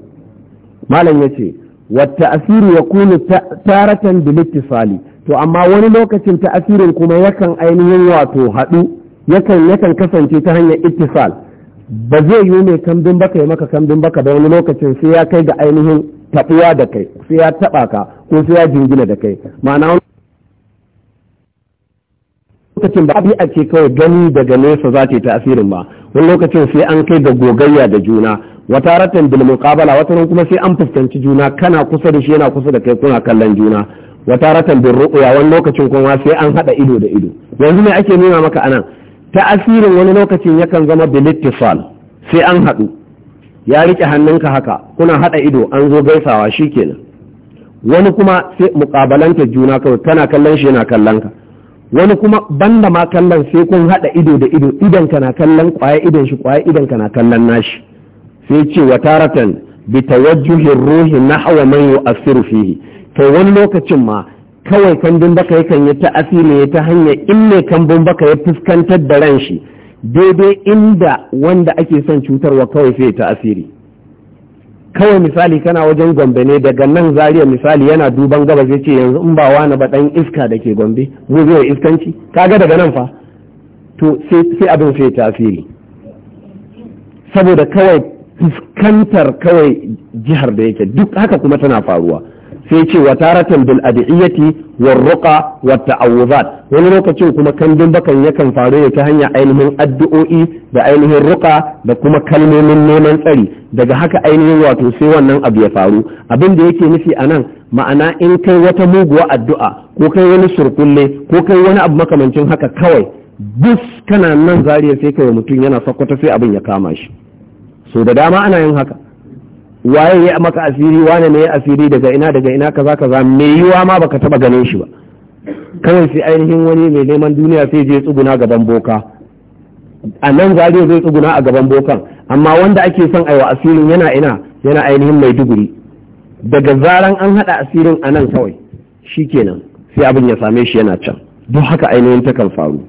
Speaker 1: malam ya ce wata asiri ya kunu taratan bilittisali to amma wani lokacin ta'asirin kuma yakan ainihin wato haɗu yakan yakan kasance ta hanyar ittisal ba zai yi mai kambin baka ya maka kambin baka ba wani lokacin sai ya kai ga ainihin taɓuwa da kai sai ya taɓa ka ko sai ya jingina da kai ma'ana wani lokacin ba a ce kawai gani daga nesa za ta yi ta'asirin ba wani lokacin sai an kai da gogayya da juna wata ratan bil muqabala wata kuma sai an fuskanci juna kana kusa da shi yana kusa da kai kuna kallon juna wata ratan bil ru'ya wani lokacin kuma sai an haɗa ido da ido yanzu me ake nuna maka anan Ta asirin wani lokacin yakan zama bil sai an haɗu. ya rike hannunka haka kuna haɗa ido an zo gaisawa shi kenan. wani kuma sai muqabalanta juna kawai kana kallon shi yana kallon ka wani kuma banda ma kallon sai kun haɗa ido da ido idan kana kallon kwaya idan shi kwaya idan kana kallon nashi sai ce wa taratan bi tawajjuhin ruhi nahwa man yu'assiru fihi to wani lokacin ma kawai kandun baka yakan yi ta'asiri ne ta hanyar in ne kambun baka ya fuskantar da ran shi daidai inda wanda ake son cutarwa kawai sai ta asiri kawai misali kana wajen gombe ne daga nan Zariya misali yana duban gabas zai ce yanzu in ba wani ba dan iska da ke gombe Zai zai iskanci kaga daga nan fa to sai abin sai tasiri saboda kawai fuskantar kawai jihar da yake duk haka kuma tana faruwa sai ce wa taratan bil adiyati war ruqa wat ta'awuzat wani lokacin kuma kandin bakan yakan faru ne ta hanyar ainihin addu'o'i da ainihin ruqa da kuma kalmomin neman tsari daga haka ainihin wato sai wannan abu ya faru abin da yake nufi anan ma'ana in kai wata muguwa addu'a ko kai wani surkulle ko kai wani abu makamancin haka kawai bus kana nan zariya sai kai mutum yana sakwata sai abin ya kama shi so da dama ana yin haka waye ya maka asiri wane ne asiri daga ina daga ina kaza kaza me yiwa ma baka taba ganin shi ba kawai sai ainihin wani mai neman duniya sai je tsuguna gaban boka a nan zariya zai tsuguna a gaban bokan amma wanda ake son aiwa asirin yana ina yana ainihin mai duguri daga zaran an hada asirin a nan kawai kenan, sai abin ya same shi yana can don haka ainihin ta kan faru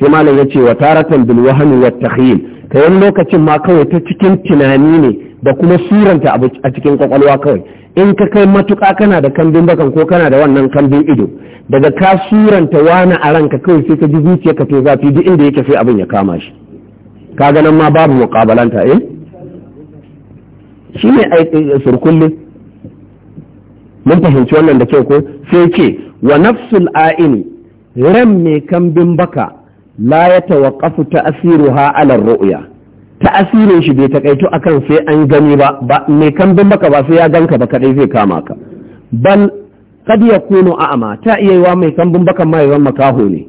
Speaker 1: sai malam ya ce wa taratan bil wahmi wat takhyil kai wani lokacin ma kawai ta cikin tunani ne da kuma suranta a cikin kwakwalwa kawai in ka kai matuƙa kana da kambin bakan ko kana da wannan kambin ido daga ka suranta wani a ranka kawai sai ka ji zuciya ka to zafi duk inda yake sai abin ya kama shi ka ganin ma babu muƙabalanta eh shi ne eh, surkulli mun fahimci wannan da kyau ko sai ce wa nafsul a'ini ran mai kambin baka la ya tawaqqafu ta'siruha 'ala ar-ru'ya ta'asirin shi bai takaito akan sai an gani ba ba mai kambin baka ba sai ya ganka ba kadai zai kama ka bal kad yakunu a'ma ta iya yiwa mai kambin baka ma yawan makaho ne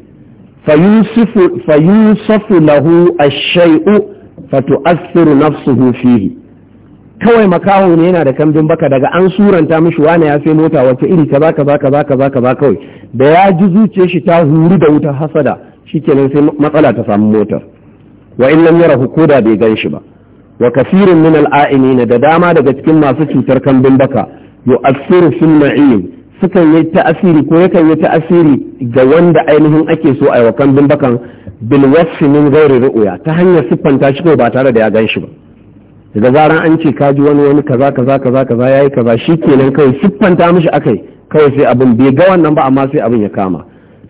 Speaker 1: fayusufu fayusufu lahu ash-shay'u fatu'assiru nafsuhu fihi kawai makaho ne yana da kambin baka daga an suranta mishi wane ya sai mota wata iri kaza kaza kaza kaza kawai da ya ji zuciyar shi ta huru da wuta hasada shikenan sai matsala ta samu motar wa in lam yarahu koda bai gan shi ba wa kasirin min al'a'inin da dama daga cikin masu cutar kambin baka yu'assiru fil ma'in sukan yi ta'asiri ko yakan yi ta'asiri ga wanda ainihin ake so a wa kambin bakan bil wasfi min ghairi ru'ya ta hanyar siffanta shi ko ba tare da ya gan shi ba daga zaran an ce ka ji wani wani kaza kaza kaza kaza yayi kaza shikenan kawai siffanta mishi akai kawai sai abin bai ga wannan ba amma sai abin ya kama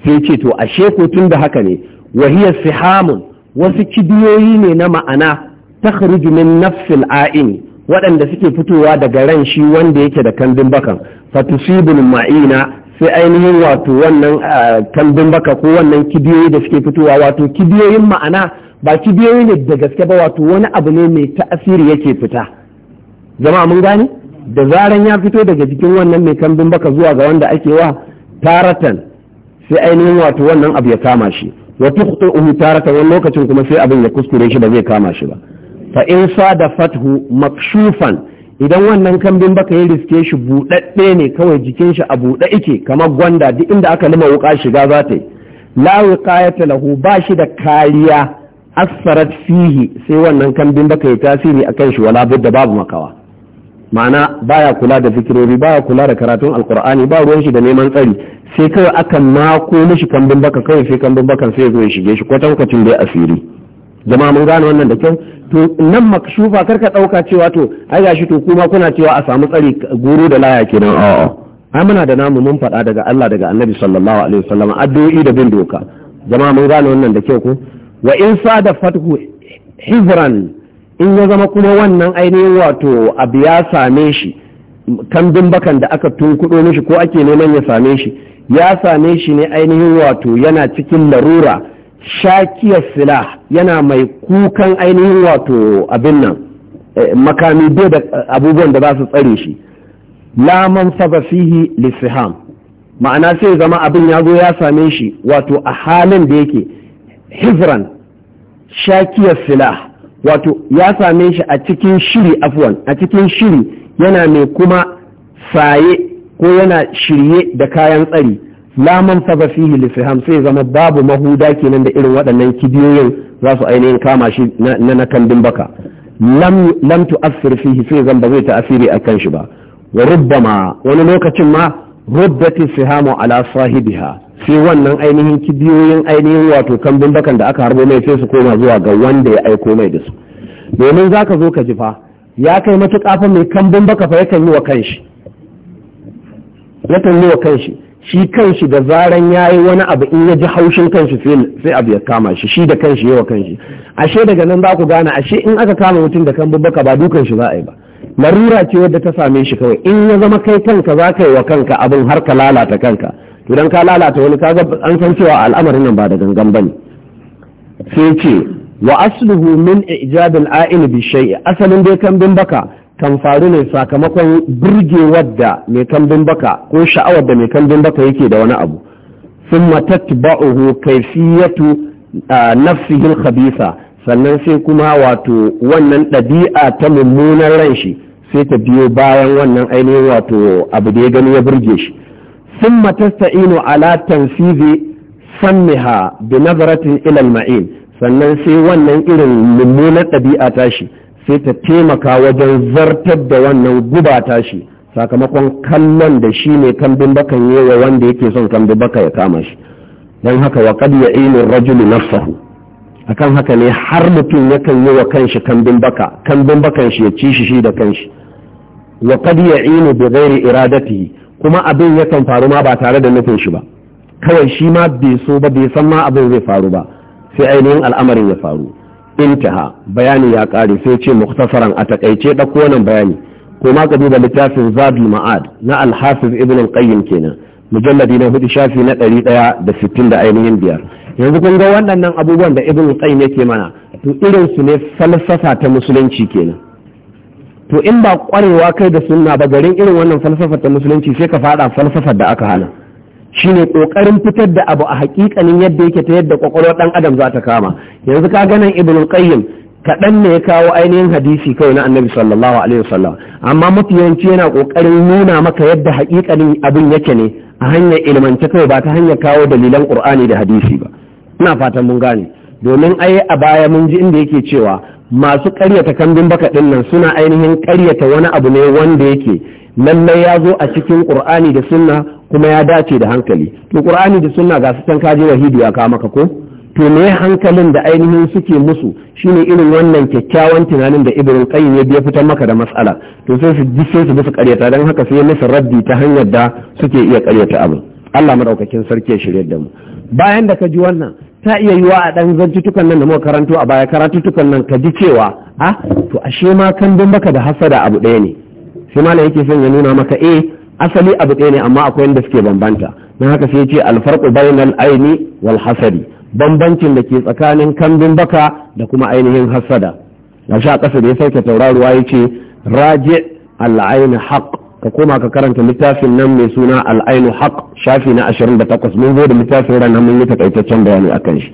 Speaker 1: sai ce to ashe ku tun da haka ne wahiya sihamun wasu kibiyoyi ne na ma'ana ta min nafsil a'in waɗanda suke fitowa daga ran shi wanda yake da kambin bakan fatusibul ma'ina sai ainihin wato wannan kambin baka ko wannan kibiyoyi da suke fitowa wato kibiyoyin ma'ana ba kibiyoyi ne da gaske ba wato wani abu ne mai ta'asiri yake fita zama mun gane da zaran ya fito daga jikin wannan mai kambin baka zuwa ga wanda ake wa taratan sai ainihin wato wannan abu ya kama shi wa tukhtuhu taratan wani lokacin kuma sai abin ya kuskure shi ba zai kama shi ba fa in fathu makshufan idan wannan kambin baka yi riske shi buɗaɗɗe ne kawai jikin shi a buɗe ike kamar gwanda duk inda aka lima wuka shiga za ta yi la wiqayata lahu ba shi da kariya asfarat fihi sai wannan kambin baka yi tasiri akan shi wala budda babu makawa ma'ana baya kula da fikirori baya kula da karatun alkur'ani ba ruwan shi da neman tsari sai kawai akan mako mishi kambin baka kawai sai kambin bakan sai zo ya shige shi kwatan kwacin dai asiri jama'a mun gane wannan da kyau to nan makshufa karka dauka cewa to ai gashi to kuma kuna cewa a samu tsari guru da laya kenan a'a ai muna da namu mun faɗa daga Allah daga Annabi sallallahu alaihi wasallam addu'o'i da bin doka jama'a mun gane wannan da kyau ko wa in sada fathu hizran in ya zama kuma wannan ainihin wato abu ya same shi kambin bakan da aka tunkuɗo mishi ko ake neman ya same shi ya same shi ne ainihin wato yana cikin larura shakiyar sila yana mai kukan ainihin wato abin nan eh, makami bai da abubuwan da za su tsare shi laman fihi lissiham ma'ana sai zama abin ya zo ya same shi wato a halin da yake hizran shakiyar sila wato ya same shi a cikin shiri afwan a cikin shiri yana mai kuma saye ko yana shirye da kayan tsari laman saba fihi lisiham sai zama babu mahuda kenan da irin waɗannan kibiyoyin za su ainihin kama shi na na kandin baka lam tu'assir fihi sai zan ba zai ta'asiri akan shi ba rubbama wani lokacin ma rubbati sihamu ala sahibiha sai wannan ainihin kibiyoyin ainihin wato kambin bakan da aka harbo mai sai su koma zuwa ga wanda ya aiko mai da su domin za ka zo ka ji fa ya kai matuƙa fa mai kambin baka fa yakan yi wa kanshi yakan yi wa kanshi shi kanshi da zaran ya yi wani abu in ya ji haushin kanshi sai abu ya kama shi shi da kanshi yawa kanshi ashe daga nan za ku gane ashe in aka kama mutum da kambin baka ba dukan shi za a yi ba larura ce wadda ta same shi kawai in ya zama kai kanka za ka yi wa kanka abin har ka lalata kanka idan ka lalata wani kaga an san cewa al'amarin nan ba da gangan ba ne. sai ce wa asluhu min ijad bi shay'i asalin dai kambin baka kan faru ne sakamakon burgewar da mai kambin baka ko sha'awar da mai kambin baka yake da wani abu thumma tatba'uhu kayfiyatu nafsihi al-khabisa sannan sai kuma wato wannan ɗabi'a ta mummunan ran shi sai ta biyo bayan wannan ainihin wato abu da ya gani ya burge shi ثم تستعين على تنفيذ سمها بنظرة إلى المعين sannan sai wannan irin mummunar ɗabi'a tashi sai ta taimaka wajen zartar da wannan guba tashi sakamakon kallon da shi ne kambin bakan yi wa wanda yake son kambin baka ya kama shi don haka wa qad ya'inu rajulu nafsahu akan haka ne har mutum yakan yi wa kanshi kambin baka kambin bakan shi ya ci shi da kanshi wa qad ya'inu bi ghairi iradatihi kuma abin yakan faru ma ba tare da nufin shi ba kawai shi ma bai so ba bai san ma abin zai faru ba sai ainihin al'amarin ya faru intaha bayani ya kare sai ce muktasaran a takaice ɗauko wannan bayani ko ma ka duba littafin zadul ma'ad na alhafiz ibn al-qayyim kenan mujalladi na hudu shafi na ɗari ɗaya da sittin da ainihin biyar yanzu kun ga waɗannan abubuwan da ibn al-qayyim yake mana to irin su ne falsafa ta musulunci kenan to in ba kwarewa kai da sunna ba garin irin wannan falsafar ta musulunci sai ka fada falsafar da aka hana shine kokarin fitar da abu a hakikanin yadda yake ta yadda kwakwalwar dan adam za ta kama yanzu ka ga nan ibnu qayyim kaɗan ne ya kawo ainihin hadisi kawai na annabi sallallahu alaihi wasallam amma mafi yawanci yana kokarin nuna maka yadda hakikanin abin yake ne a hanyar ilmance kawai ba ta hanyar kawo dalilan qur'ani da hadisi ba ina fatan mun gane domin ai a baya mun ji inda yake cewa masu karyata kambin baka din nan suna ainihin karyata wani abu ne wanda yake lallai ya zo a cikin qur'ani da sunna kuma ya dace da hankali to qur'ani da sunna ga su can kaji wahidi ya ka maka ko to me hankalin da ainihin suke musu shine irin wannan kyakkyawan tunanin da Ibrahim qayyim ya biya fitar maka da matsala to sai su ji su bi su karyata dan haka sai musu raddi ta hanyar da suke iya karyata abu Allah madaukakin sarki ya shirye da mu bayan da ka ji wannan ta iya yiwa a ɗan zantutukan nan da muka karanto a baya karatutukan nan ka ji cewa a ah, to ashe ma kan don baka da hasada abu ɗaya ne sai malam yake son ya nuna maka eh asali abu ɗaya ne amma akwai yadda suke bambanta na haka sai ce alfarqu bainal aini wal hasadi bambancin da ke tsakanin kambin baka da kuma ainihin hasada gashi a ƙasa da ya sauke tauraruwa ya ce raji al'aini haq ka koma ka karanta littafin nan mai suna al'ainu haq shafi na 28 mun zo da littafin ranar mun yi takaitaccen bayani kan shi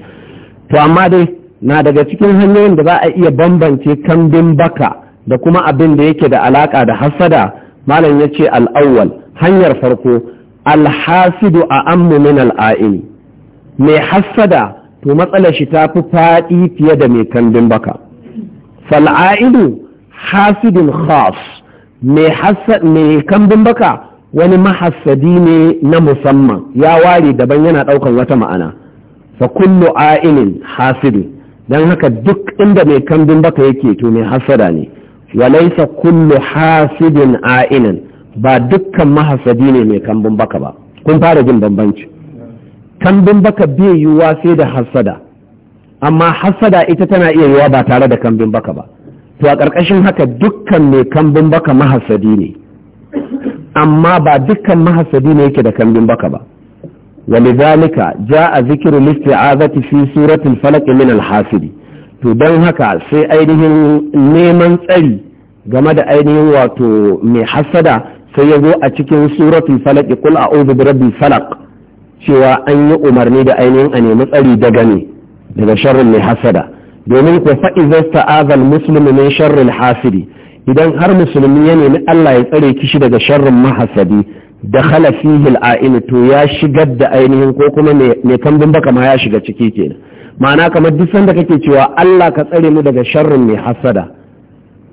Speaker 1: to amma dai na daga cikin hanyoyin da za a iya bambance kambin baka da kuma abin da yake da alaka da hasada malam ya ce al'awwal hanyar farko alhasidu a ammu min mai hasada to matsalar shi ta fi faɗi fiye da mai kambin baka fal'a'idu hasidun khas mai kambin baka wani mahassadi ne na musamman ya ware daban yana ɗaukar wata ma'ana fa kullu a'inin hasidi dan haka duk inda mai kambin baka yake to mai hasada ne walaisa kullu hasidin a'inin ba dukkan mahasadi ne mai kambin baka ba kun fara jin bambanci kambin baka bai yiwuwa sai da hasada amma hasada ita tana iya yiwuwa ba tare da kambin baka ba to a ƙarƙashin haka dukkan mai kambin baka mahasadi ne amma ba dukkan mahasadi ne yake da kambin baka ba ولذلك جاء ذكر الاستعاذة في سورة الفلق من الحاسد to don haka sai ainihin neman tsari game da ainihin wato mai hasada sai ya zo a cikin suratul falaq qul a'udhu bi rabbil falaq cewa anyi umarni da ainihin a nemi tsari daga ne daga sharrin mai hasada domin ko fa'izar ta'azal musulmi min sharrin hasidi idan har musulmi ya nemi Allah ya tsare kishi daga sharrin mahasadi da khalafihi al'ain to ya shigar da ainihin ko kuma me kambin baka ma ya shiga ciki kenan ma'ana kamar duk sanda kake cewa Allah ka tsare mu daga sharrin mai hasada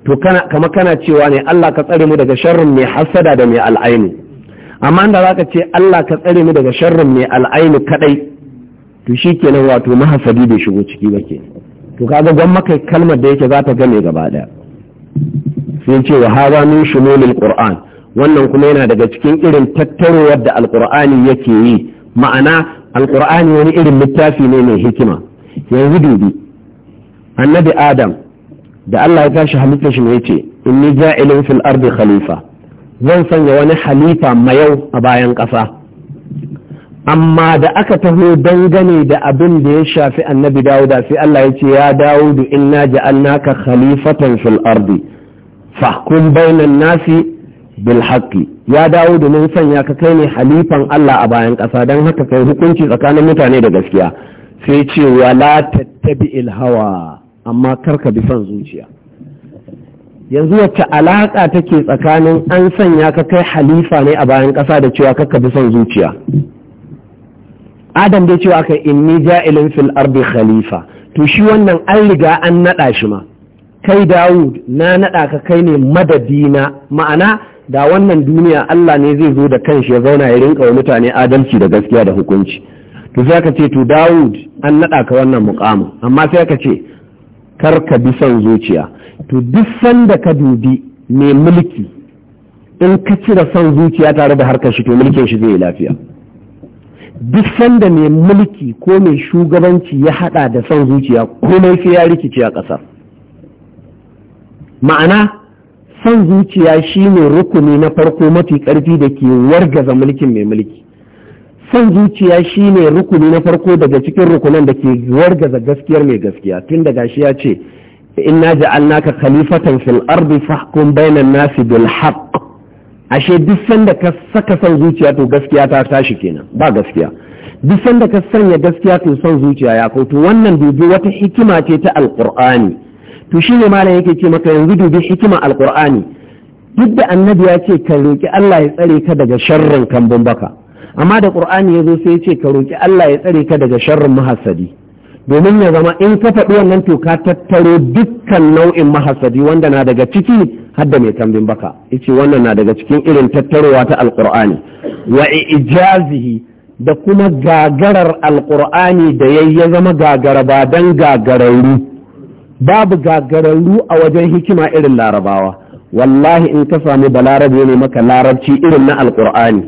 Speaker 1: to kana kama kana cewa ne Allah ka tsare mu daga sharrin mai hasada da mai al'aini amma inda zaka ce Allah ka tsare mu daga sharrin mai al'aini kadai to kenan wato mahasadi bai shigo ciki ba kenan to kaga gwan makai kalmar da yake za ta game gaba daya sai ce wa haza min shumulil qur'an wannan kuma yana daga cikin irin tattarowar da alqur'ani yake yi ma'ana alqur'ani wani irin littafi ne mai hikima yanzu dubi annabi adam da Allah ya tashi halitta shi ne yace inni ja'ilun fil ardi khalifa zan sanya wani halifa mayau a bayan ƙasa amma da aka taho dangane da abin da ya shafi annabi dawuda sai Allah ya ce ya dawudu inna ja'alnaka khalifatan fil ardi fahkum bainan nasi bil haqqi ya dawudu mun sanya ka kai ne halifan Allah a bayan ƙasa dan haka kai hukunci tsakanin mutane da gaskiya sai ce wala tattabi'il hawa amma karka bi son zuciya yanzu wacce alaka take tsakanin an sanya ka kai halifa ne a bayan ƙasa da cewa karka bi son zuciya adam da cewa kai inni ja'ilin fil ardi khalifa to shi wannan an riga an nada shi ma kai dawud na nada ka kai ne madadina ma'ana da wannan duniya Allah ne zai zo da kanshi ya zauna ya rinka wa mutane adalci da gaskiya da hukunci to sai ka ce to dawud an nada ka wannan muqamin amma sai ka ce kar ka bi son zuciya to duk sanda ka dubi mai mulki in ka cire son zuciya tare da harkar shi to mulkin shi zai lafiya duk sanda mai mulki ko mai shugabanci ya hada da son zuciya komai sai ya rikice a ƙasa ma'ana son zuciya shine rukuni na farko mafi ƙarfi da ke wargaza mulkin mai mulki son zuciya shine rukuni na farko daga cikin rukunan da ke wargaza gaskiyar mai gaskiya tun daga shi ya ce inna ja'alnaka khalifatan fil ardi fahkum bainan nasi bil haqq ashe duk sanda ka saka son zuciya to gaskiya ta tashi kenan ba gaskiya duk sanda ka sanya gaskiya to son zuciya ya kautu wannan dubi wata hikima ce ta alqur'ani to shine malam yake ce maka yanzu dubi hikima alqur'ani duk da annabi ya ce ka roki Allah ya tsare ka daga sharrin kambun baka amma da qur'ani ya zo sai ya ce ka roki Allah ya tsare ka daga sharrin muhassadi. domin ya zama in ka faɗi wannan to ka tattaro dukkan nau'in mahasadi wanda na daga ciki har mai tambin baka yace wannan na daga cikin irin tattarowa ta alqur'ani wa ijazihi da kuma gagarar alqur'ani da yayi ya zama gagara ba dan gagararru babu gagararru a wajen hikima irin larabawa wallahi in ka sami balarabe ne maka larabci irin na alqur'ani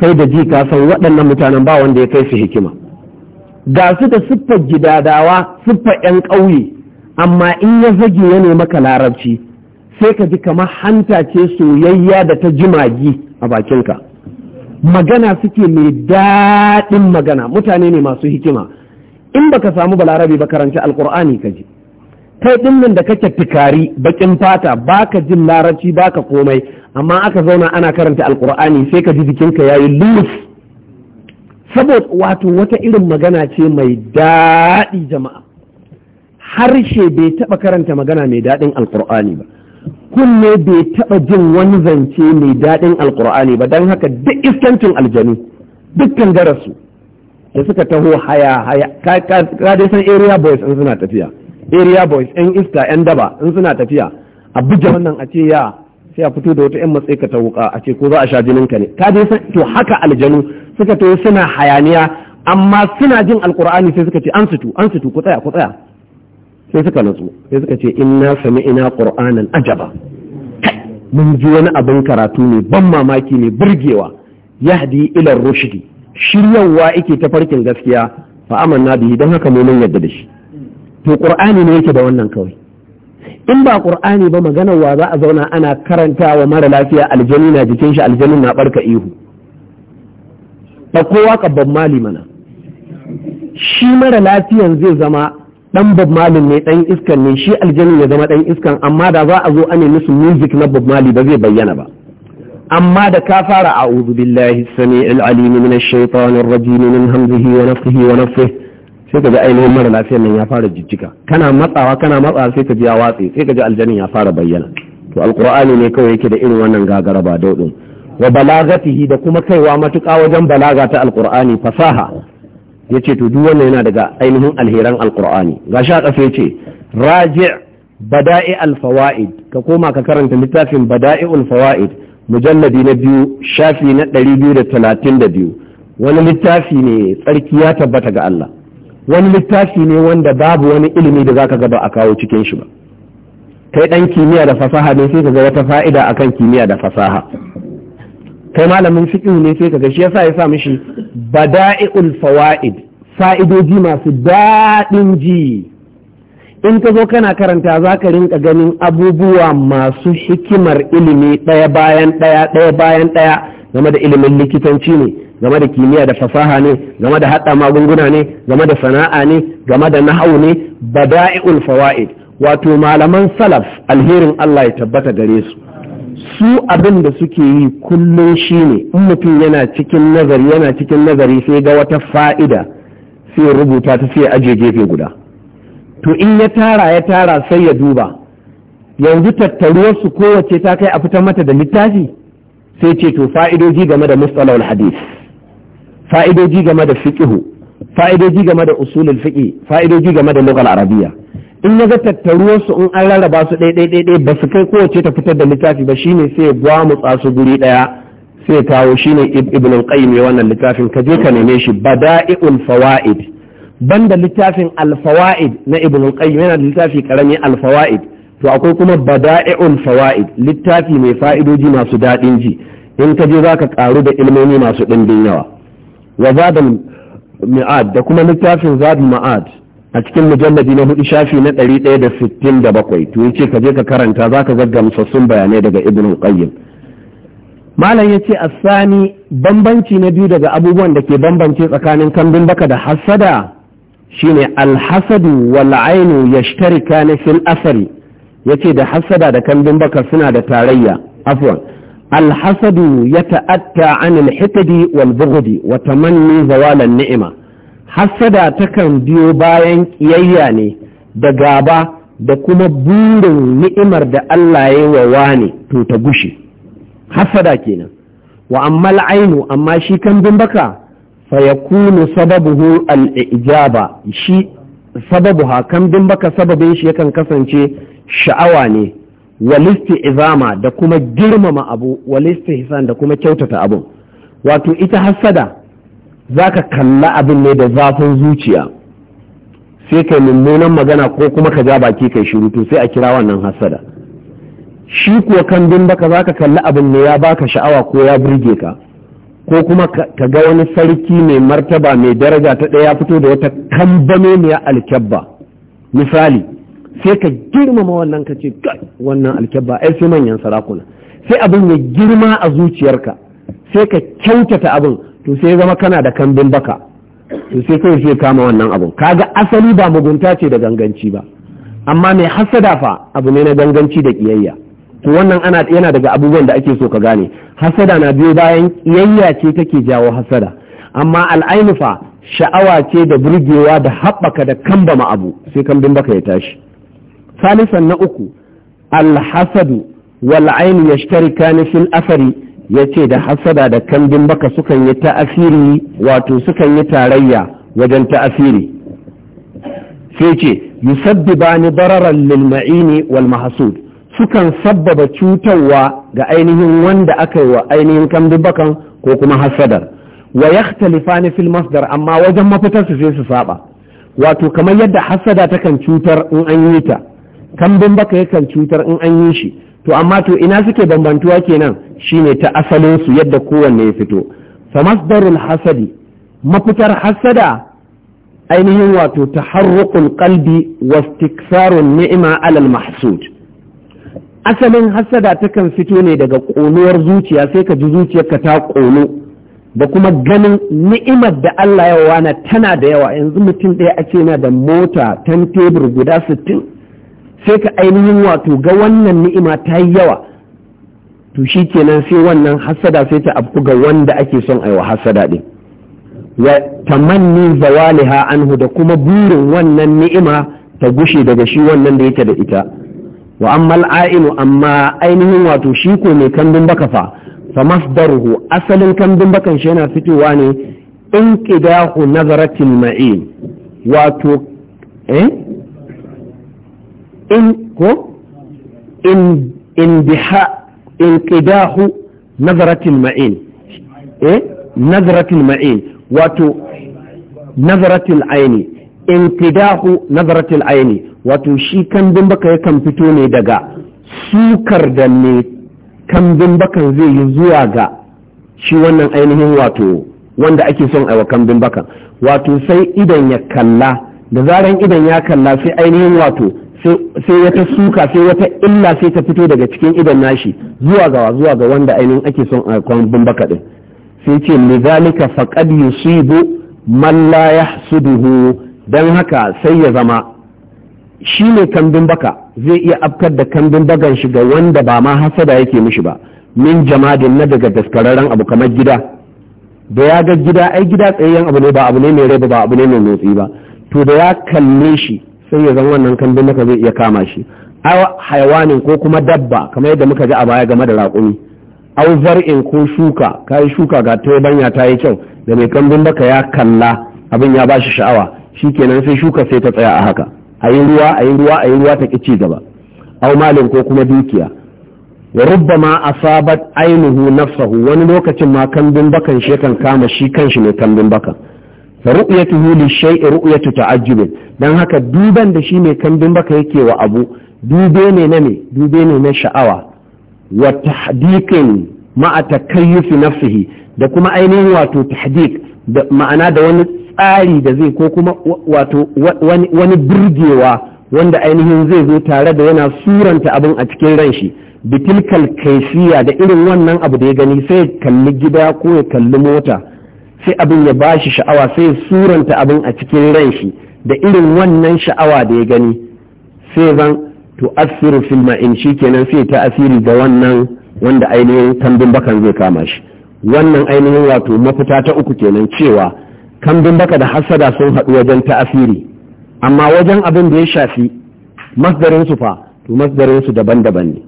Speaker 1: kai da ji ka san waɗannan mutanen ba wanda ya kai su hikima ga su da siffar gidadawa siffa 'yan ƙauye amma in ya zage ya ne maka larabci sai ka ji kamar hanta ce soyayya da ta jimagi a bakinka magana suke mai daɗin magana mutane ne masu hikima in baka samu Balarabi ba karanci alkur'ani ka ji kai nan da kake tikari bakin fata baka jin larabci baka komai amma aka zauna ana karanta alkur'ani sai ka ji jikinka yayi lus saboda wato wata irin magana ce mai daɗi jama'a harshe bai taɓa karanta magana mai daɗin alkur'ani ba kunne bai taɓa jin wani zance mai daɗin alkur'ani ba don haka duk iskancin aljanu dukkan darasu da suka taho haya haya ka dai san area boys in suna tafiya area boys yan iska yan daba in suna tafiya abuja wannan a ce ya sai a fito da wata yan matsayi ka ta wuka a ce ko za a sha jinin ka ne ka je to haka aljanu suka to suna hayaniya amma suna jin alkur'ani sai suka ce an sutu an sutu ku tsaya ku tsaya sai suka nutsu. sai suka ce inna sami'na qur'anan ajaba mun ji wani abin karatu ne ban mamaki ne burgewa yahdi ila rushdi shiryawa yake ta farkin gaskiya fa amanna bihi dan haka mu mun yadda da shi to qur'ani ne yake da wannan kawai in ba qur'ani ba maganar wa za a zauna ana karantawa mara lafiya aljani na jikin shi aljani na barka ihu Ba kowa kabban mali mana shi mara lafiyan zai zama dan bob malin ne dan iskan ne shi aljani ya zama dan iskan amma da za a zo ane musu music na bob mali ba zai bayyana ba amma da ka fara a'udhu billahi samii'il alim minash shaitanir rajim min hamzihi wa nafthihi sai ka ji ainihin mara lafiyar nan ya fara jijjiga kana matsawa kana matsawa sai ka ji ya watse sai ka ji aljanin ya fara bayyana to alqur'ani ne kawai yake da irin wannan gagara ba din wa balagatihi da kuma kaiwa matuƙa wajen balaga ta alqur'ani fasaha yace to duk wannan yana daga ainihin alheran alqur'ani gashi a kafa yace raji' bada'i alfawaid ka koma ka karanta littafin bada'i'ul fawaid mujalladi na biyu shafi na 232 wani littafi ne tsarki ya tabbata ga Allah wani littafi ne wanda babu wani ilimi da zaka ga ba a kawo cikin shi ba kai ɗan kimiyya da fasaha ne sai ka ga wata fa'ida akan kimiyya da fasaha kai malamin fiqh ne sai ka ga shi yasa ya sa mishi bada'iul fawaid fa'idoji masu daɗin ji in ka zo kana karanta za ka rinka ganin abubuwa masu hikimar ilimi ɗaya bayan ɗaya ɗaya bayan ɗaya game da ilimin likitanci ne game da kimiyya da fasaha ne game da hada magunguna ne game da sana'a ne game da nahau ne bada'i'ul fawaid wato malaman salaf alherin Allah ya tabbata gare su su abin da suke yi kullum shine in mutum yana cikin nazari yana cikin nazari sai ga wata fa'ida sai rubuta ta sai aje gefe guda to in ya tara ya tara sai ya duba yanzu tattaruwarsu kowace ta kai a fitar mata da littafi sai ce to fa'idoji game da mustalawar hadith fa'idoji game da fiqhu fa'idoji game da usulul fiqi fa'idoji game da lughal arabiya. in ya ga tattaruwarsu in an rarraba su ɗaya ɗaya ba su kai kowace ta fitar da littafi ba shine sai ya gwamutsa su guri ɗaya sai kawo shine ibn al-qayyim ya wannan littafin ka je ka neme shi bada'i'ul fawaid banda littafin al-fawaid na ibn al-qayyim yana da littafi karami al-fawaid to akwai kuma bada'i'ul fawaid littafi mai fa'idoji masu daɗin ji in ka je zaka karu da ilmomi masu ɗimbin yawa wa zadal mi'ad da kuma littafin zadal ma'ad a cikin mujalladi na hudu shafi na ɗari ɗaya da sittin da bakwai to yace ka je ka karanta zaka ga gamsassun bayanai daga ibn qayyim malam yace asani bambanci na biyu daga abubuwan da ke bambance tsakanin kambin baka da hasada shine alhasadu wal ainu yashtarika fil asari yace da hasada da kambin baka suna da tarayya afwan alhasadu ya ta'atta an alhikadi wal bugudi wa tamanni zawalan ni'ima hasada takan biyo bayan kiyayya ne da gaba da kuma burin ni'imar da Allah ya wa wani to ta gushe hasada kenan wa amma al'ainu amma shi kan bin baka fa yakunu sababuhu al-ijaba shi sababu hakan bin baka sababin shi yakan kasance sha'awa ne walisti izama da kuma girmama abu walisti hisan da kuma kyautata abu wato ita hassada za ka kalla abin ne da zafin zuciya sai kai mummunan magana ko kuma ka ja baki kai shiru sai a kira wannan hassada shi kuwa kan baka za ka kalli abin ne ya baka sha'awa ko ya burge ka ko kuma ka ga wani sarki mai martaba mai daraja ta ɗaya ya fito da wata kambame mai alkyabba misali sai ka girmama wannan ka ce wannan alkyabba ai sai manyan sarakuna sai abin ya girma a zuciyarka sai ka kyautata abin to sai zama kana da kambin baka to sai kai sai kama wannan abin kaga asali ba mugunta ce da ganganci ba amma mai hasada fa abu ne na ganganci da kiyayya to wannan ana yana daga abubuwan da ake so ka gane hasada na biyo bayan kiyayya ce take jawo hasada amma fa sha'awa ce da burgewa da haɓaka da kambama abu sai kambin baka ya tashi salisan na uku alhasadu wal ainu yashtarikani fil afari yace da hasada da kambin baka sukan yi ta'asiri wato sukan yi tarayya wajen ta'asiri sai ce yusabbibani bararan lil ma'ini wal mahsud sukan sabbaba cutarwa ga ainihin wanda aka yi wa ainihin kambin bakan ko kuma hasadar wa yakhtalifani fil masdar amma wajen mafitar su sai su saba wato kamar yadda hasada takan cutar in an yi ta kambin baka yakan cutar in an yi shi to amma to ina suke bambantuwa kenan shine ta asalin su yadda kowanne ya fito fa masdarul hasadi mafitar hasada ainihin wato taharruqul qalbi wa istikfarun ni'ma alal mahsud asalin hasada takan fito ne daga ƙonuwar zuciya sai ka ji zuciyarka ta ƙono da kuma ganin ni'imar da Allah ya wana tana da yawa yanzu mutum ɗaya a na da mota tan tebur guda sittin sai ka ainihin wato ga wannan ni'ima ta yi yawa to shi kenan sai wannan hasada sai ta afku ga wanda ake son aiwa hasada din wa tamanni zawaliha anhu da kuma burin wannan ni'ima ta gushe daga shi wannan da yake da ita wa amma ainu amma ainihin wato shi ko mai kambin baka fa fa masdaruhu asalin kambin bakan shi yana fitowa ne in qidahu nazaratil ma'in wato eh in ko in in biha in qidahu nazaratil ma'in eh nazaratil ma'in wato nazaratil aini in qidahu nazaratil aini wato shi kambin baka yakan fito ne daga sukar da ne kambin bakan zai yi zuwa ga shi wannan ainihin wato wanda ake son aiwa kambin bakan wato sai idan ya kalla da zaran idan ya kalla sai ainihin wato sai wata suka sai wata illa sai ta fito daga cikin idan nashi zuwa ga zuwa ga wanda ainihin ake son a kwan bumbaka din sai ce zalika faƙad yusibu man la yahsuduhu dan haka sai ya zama shi ne kambin baka zai iya afkar da kambin bagan shi ga wanda ba ma hasada yake mishi ba min jamadin na daga daskararren abu kamar gida da ya ga gida ai gida tsayayyen abu ne ba abu ne mai rai ba abu ne mai motsi ba to da ya kalle shi sai ya zama wannan kambin naka zai iya kama shi a hayawanin ko kuma dabba kamar yadda muka ji a baya game da raƙumi au zar'in ko shuka yi shuka ga ta banya ta yi kyau da mai kambin baka ya kalla abin ya bashi sha'awa shikenan sai shuka sai ta tsaya a haka a yi ruwa a yi ruwa a yi ruwa ta ƙi ci gaba Au malin ko kuma dukiya wa rubbama asabat ainihu nafsahu wani lokacin ma kambin bakan shi kan kama shi kanshi mai kambin bakan fa ru'yatuhu lishay'i ru'yatu ta'ajjub dan haka duban da shi mai kambin baka yake wa abu dube ne na ne dube ne na sha'awa wa tahdiqin ma'a takayyufi nafsihi da kuma ainihin wato tahdiq da ma'ana da wani tsari da zai ko kuma wato wani burgewa wanda ainihin zai zo tare da yana suranta abin a cikin ran shi bitilkal kaifiya da irin wannan abu da ya gani sai kalli gida ko ya kalli mota sai abin ya ba shi sha'awa sai ya suranta abin a cikin ran shi da irin wannan sha'awa da ya gani sai zan tu'assiru fil ma'in shikenan sai ta asiri ga wannan wanda ainihin kambin bakan zai kama shi wannan ainihin wato mafita ta uku kenan cewa kambin baka da hasada sun haɗu wajen ta'asiri amma wajen abin da ya shafi masdarin su fa to masdarin su daban-daban ne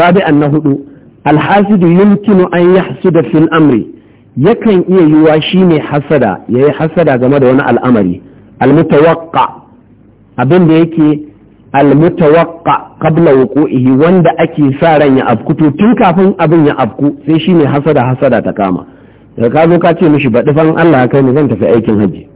Speaker 1: rabi'an na hudu alhasidu yumkinu an yahsuda fil amri yakan iya yiwuwa shi ne hasada ya yi hasada game da wani al'amari almutawakka abin yake almutawakka kabla wuku'ihi wanda ake sa ran ya afku, to tun kafin abin ya afku sai shi ne hasada hasada ta kama Da ka zo ka ce mishi baɗi fan Allah kai ne zan tafi aikin hajji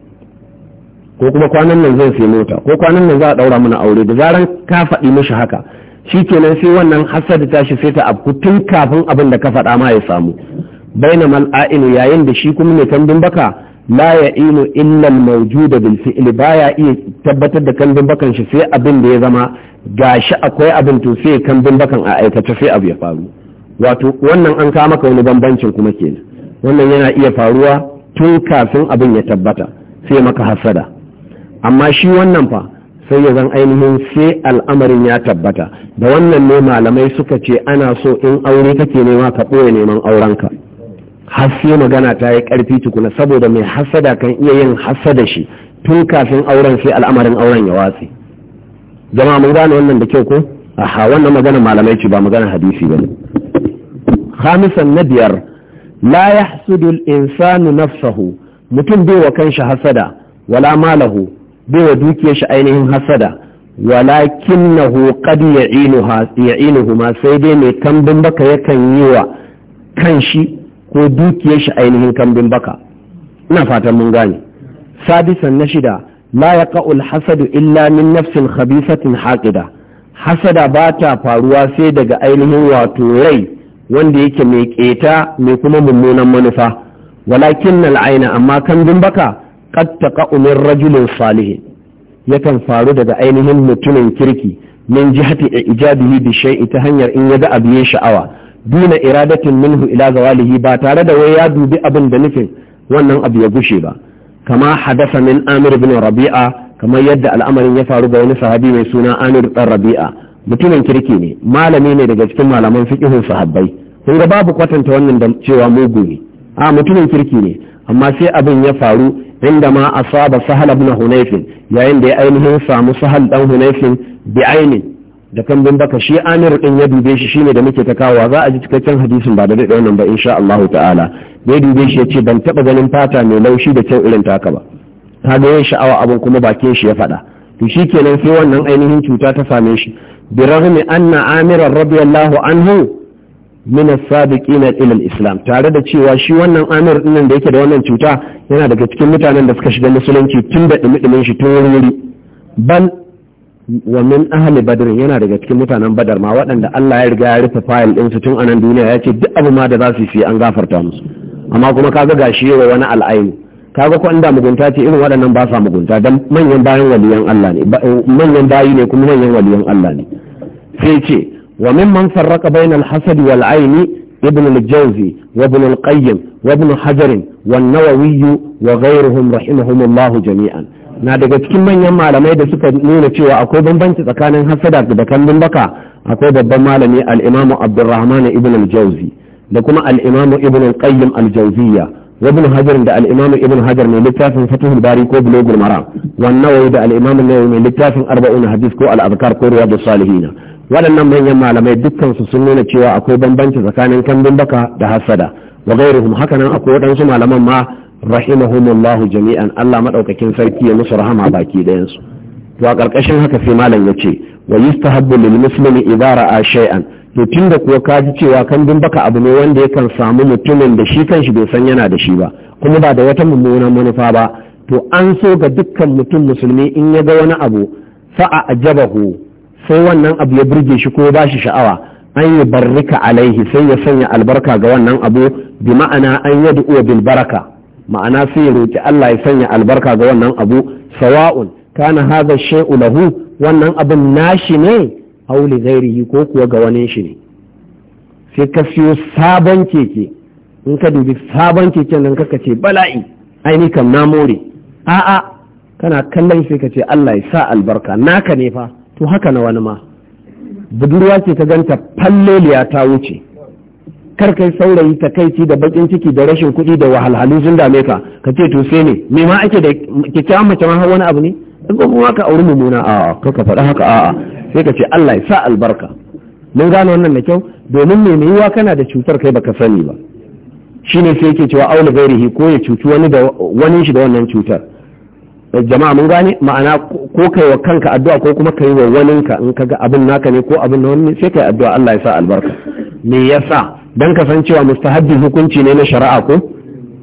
Speaker 1: ko kuma kwanan nan zan sai mota ko kwanan nan za a ɗaura mana aure da zaran ka faɗi mishi haka shi kenan sai wannan hasada tashi sai ta afku tun kafin abin da ka faɗa ma ya samu baina mal'ainu yayin da shi kuma mai kambin baka la ya inu illa mawjuda bil fi'li baya iya tabbatar da kambin bakan shi sai abin da ya zama gashi akwai abin to sai kambin bakan a aikata sai abu ya faru wato wannan an kawo maka wani bambancin kuma kenan wannan yana iya faruwa tun kafin abin ya tabbata sai maka hasada amma shi wannan fa sai ya zan ainihin sai al'amarin ya tabbata da wannan ne malamai suka ce ana so in aure kake nema ka ɓoye neman aurenka haske magana ta yi ƙarfi tukuna saboda mai hasada kan iya yin hasada shi tun kafin auren sai al'amarin auren ya watsi jama'a mun gane wannan da kyau ko aha wannan magana malamai ce ba magana hadisi ba khamisan na biyar la yahsudu al-insanu nafsahu mutum bai wa kanshi hasada wala malahu bai wa dukiyar shi ainihin hasada walakinnahu qad ya'inuha ya'inuhuma sai dai mai kambin baka yakan yi wa kanshi ko dukiyar shi ainihin kambin baka ina fatan mun gane sadisan na shida la yaqul hasadu illa min nafsin khabisatin haqida hasada ba ta faruwa sai daga ainihin wato rai wanda yake mai keta mai kuma mummunan manufa walakin aina amma kambin baka qad taqu min rajulin salih yakan faru daga ainihin mutumin kirki min jihati ijabihi bi shay'i ta hanyar in ya ga sha'awa duna iradatin minhu ila zawalihi ba tare da wai ya dubi abin da nufin wannan abu ya gushe ba kama hadasa min amir bin rabi'a kamar yadda al'amarin ya faru ga wani sahabi mai suna amir dan rabi'a mutumin kirki ne malami ne daga cikin malaman fikihun sahabbai kun ga babu kwatanta wannan da cewa mugu ne a mutumin kirki ne amma sai abin ya faru inda ma a saba sahal ibn hunayfin yayin da ya ainihin samu sahal dan hunayfin bi ainin da kambin baka shi amir din ya dube shi shine da muke ta kawo za a ji cikakken hadisin ba da daɗe wannan ba insha Allah ta'ala bai dube shi ya ce ban taba ganin fata mai laushi da kyau irin taka ba kaga yin sha'awa abin kuma bakin shi ya faɗa to shi kenan sai wannan ainihin cuta ta same shi bi rahmi anna amir radiyallahu anhu min as-sabiqina ila islam tare da cewa shi wannan amir din da yake da wannan cuta yana daga cikin mutanen da suka shiga musulunci tun da dumi shi tun wuri bal wa min ahli badr yana daga cikin mutanen badar ma waɗanda Allah ya riga ya rufe fayil ɗin su tun anan duniya ya ce duk abu ma da za su yi an gafarta musu amma kuma kaga gashi yawa wani al'ayi kaga ko inda mugunta ce irin waɗannan ba sa mugunta dan manyan bayan waliyan Allah ne manyan bayi ne kuma manyan waliyan Allah ne sai ce wa min man farraqa bainal hasad wal aini ibn al-jawzi wa ibn al-qayyim wa ibn hajar wa an-nawawi wa ghayruhum rahimahumullah jami'an na daga cikin manyan malamai da suka nuna cewa akwai bambanci tsakanin hassada da kallon baka akwai babban malami al'imamu Abdulrahman abdurrahman ibn al-jawzi da kuma al'imamu ibn al-qayyim al-jawziyya ibn hajar da al'imamu ibn hajar mai littafin fatihul bari ko bulugul maram wannan da al'imamu imamu nawawi mai littafin arba'un hadith ko al-azkar ko riyadus salihin waɗannan manyan malamai dukkansu su sun nuna cewa akwai bambanci tsakanin kambin baka da hasada wa gairuhum hakanan akwai waɗansu malaman ma rahimahumullahu jami'an Allah madaukakin sarki ya musu rahama baki dayan su to a karkashin haka sai malam yace wa yustahabbu lil muslimi idza ra'a shay'an to tunda kuwa ka ji cewa kambin baka abu ne wanda yakan samu mutumin da shi kanshi bai san yana da shi ba kuma ba da wata mummunan manufa ba to an so ga dukkan mutum musulmi in ya ga wani abu sa'a ajabahu sai wannan abu ya burge shi ko ba shi sha'awa an yi barrika alaihi sai ya sanya albarka ga wannan abu bi ma'ana an yad'u bil baraka ma'ana sai ya roki Allah ya sanya albarka ga wannan abu sawa'un kana hadha shay'u lahu wannan abin nashi ne aw li ghairihi ko kuwa ga wani shi ne sai ka siyo sabon keke in ka dubi sabon keken nan kaka ce bala'i aini kan na more a'a kana kallon sai ka ce Allah ya sa albarka naka ne fa to haka na wani ma budurwa ce ta ganta falleliya ta wuce kar kai saurayi ta ci da bakin ciki da rashin kuɗi da wahalhalu sun dame ka ka ce to sai ne me ma ake da kyakkyawan mace ma har wani abu ne in ko kuma ka auri mummuna a'a ka ka faɗa haka a'a sai ka ce Allah ya sa albarka mun gane wannan da kyau domin me mai yiwa kana da cutar kai baka sani ba shine sai yake cewa aula gairihi ko ya cuci wani da wani shi da wannan cutar eh, jama'a mun gane ma'ana ko kai wa kanka addu'a ko kuma kai wa waninka in kaga abin naka ne ko abin na wani sai kai addu'a Allah ya sa albarka me yasa don cewa mustahabbi hukunci ne na shari'a ko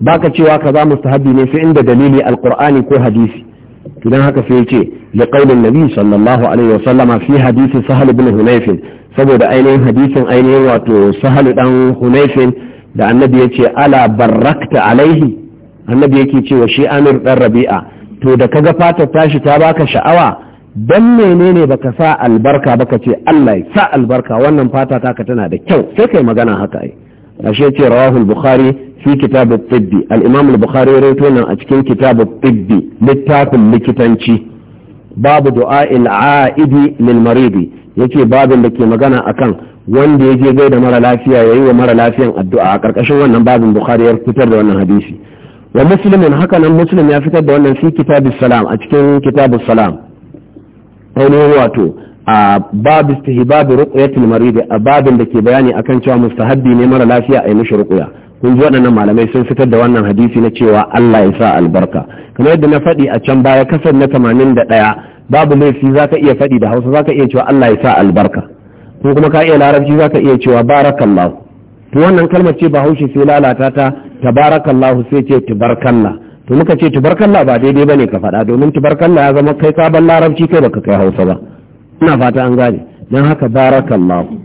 Speaker 1: baka cewa ka za mustahabbi ne sai inda dalili alqur'ani ko hadisi to haka sai yace ya qaulin nabi sallallahu alaihi wasallama fi hadisi sahal ibn saboda ainihin hadisin ainihin wato sahal dan hunayf da annabi yace ala barrakta alaihi annabi yake cewa shi amir dan rabi'a to da kaga fata tashi ta baka sha'awa don menene baka sa albarka baka ce Allah ya sa albarka wannan fata taka tana da kyau sai kai magana haka ai ashe ce rawahul bukhari fi kitab at-tibbi al-imam al-bukhari rawaito nan a cikin kitab at-tibbi littafin likitanci babu du'a'il aidi lil maridi yace babin da ke magana akan wanda ya je gaida mara lafiya yayi wa mara lafiyan addu'a a karkashin wannan babin bukhari ya fitar da wannan hadisi wa muslimin haka nan muslim ya fitar da wannan fi kitab salam a cikin kitab salam ainihin wato a babu rukuya ruqyatil marid a babin da ke bayani akan cewa mustahabbi ne mara lafiya a yi mishi ruqya kun ji waɗannan malamai sun fitar da wannan hadisi na cewa Allah ya sa albarka kamar yadda na faɗi a can baya kasar na tamanin da ɗaya babu laifi za ka iya faɗi da hausa za ka iya cewa Allah ya sa albarka ko kuma ka iya larabci za ka iya cewa barakallahu to wannan kalmar ce bahaushe sai lalata ta tabarakallahu sai ce tabarkallah to muka ce tubarkalla ba daidai bane ka faɗa domin tubarkalla ya zama kai sabon larabci kai baka kai hausa ba ina fata an gane don haka barakallahu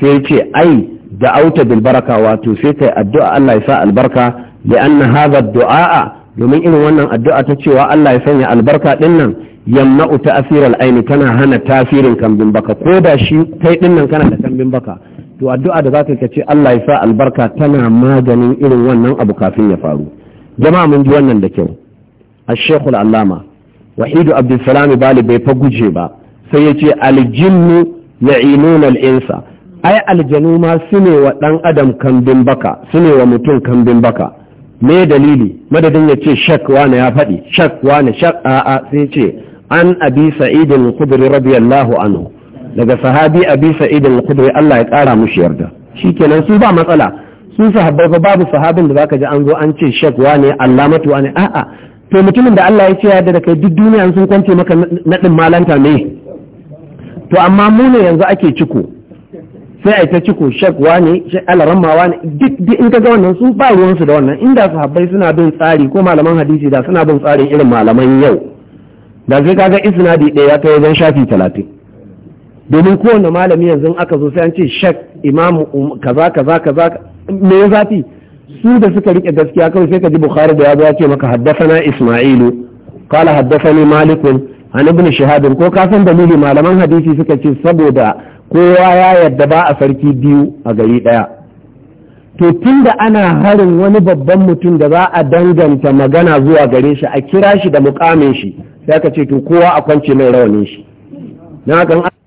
Speaker 1: sai ce ai da auta bil baraka wato sai kai addu'a Allah ya sa albarka da anna hadha du'a domin irin wannan addu'a ta cewa Allah ya sanya albarka din nan yamna'u asirar al-aini kana hana tasirin kambin baka ko da shi kai din nan kana da kambin baka to addu'a da zaka ka ce Allah ya sa albarka tana maganin irin wannan abu kafin ya faru jama'a mun ji wannan da kyau ashekul allama wahidu abdulsalam bali bai fa guje ba sai ya ce aljinnu ya'inuna al'insa ai aljanu ma su ne wa ɗan adam kambin baka su ne wa mutum kambin baka me dalili madadin ya ce shak wane ya faɗi shak wane shak a'a sai ce an abi sa'idin khudri radiyallahu anhu daga sahabi abi sa'idin kudri Allah ya kara mushi yarda shikenan su ba matsala Sun sahabbai ba babu sahabin da zaka ji an zo an ce shek wane allamatu wane a'a to mutumin da Allah ya ce ya da kai duk duniya sun kwance maka naɗin malanta ne to amma mu ne yanzu ake ciko sai a ta ciko shek wane shek ma wane ne duk in ga wannan sun ba ruwansu da wannan inda sahabbai suna bin tsari ko malaman hadisi da suna bin tsarin irin malaman yau da sai kaga isnadi ɗaya ya kai zan shafi talatin domin kowane malami yanzu aka zo sai an ce shek imamu um, kaza kaza kaza me ya zafi su da suka rike gaskiya kawai sai ka ji bukhari da ya zo ya ce maka haddathana isma'ilu qala haddathani malikun an ibn shihab ko ka san dalili malaman hadisi suka ce saboda kowa ya yadda ba a sarki biyu a gari daya to tunda ana harin wani babban mutum da za a danganta magana zuwa gare shi a kira shi da mukamin shi sai ka ce to kowa a kwance mai rawanin shi na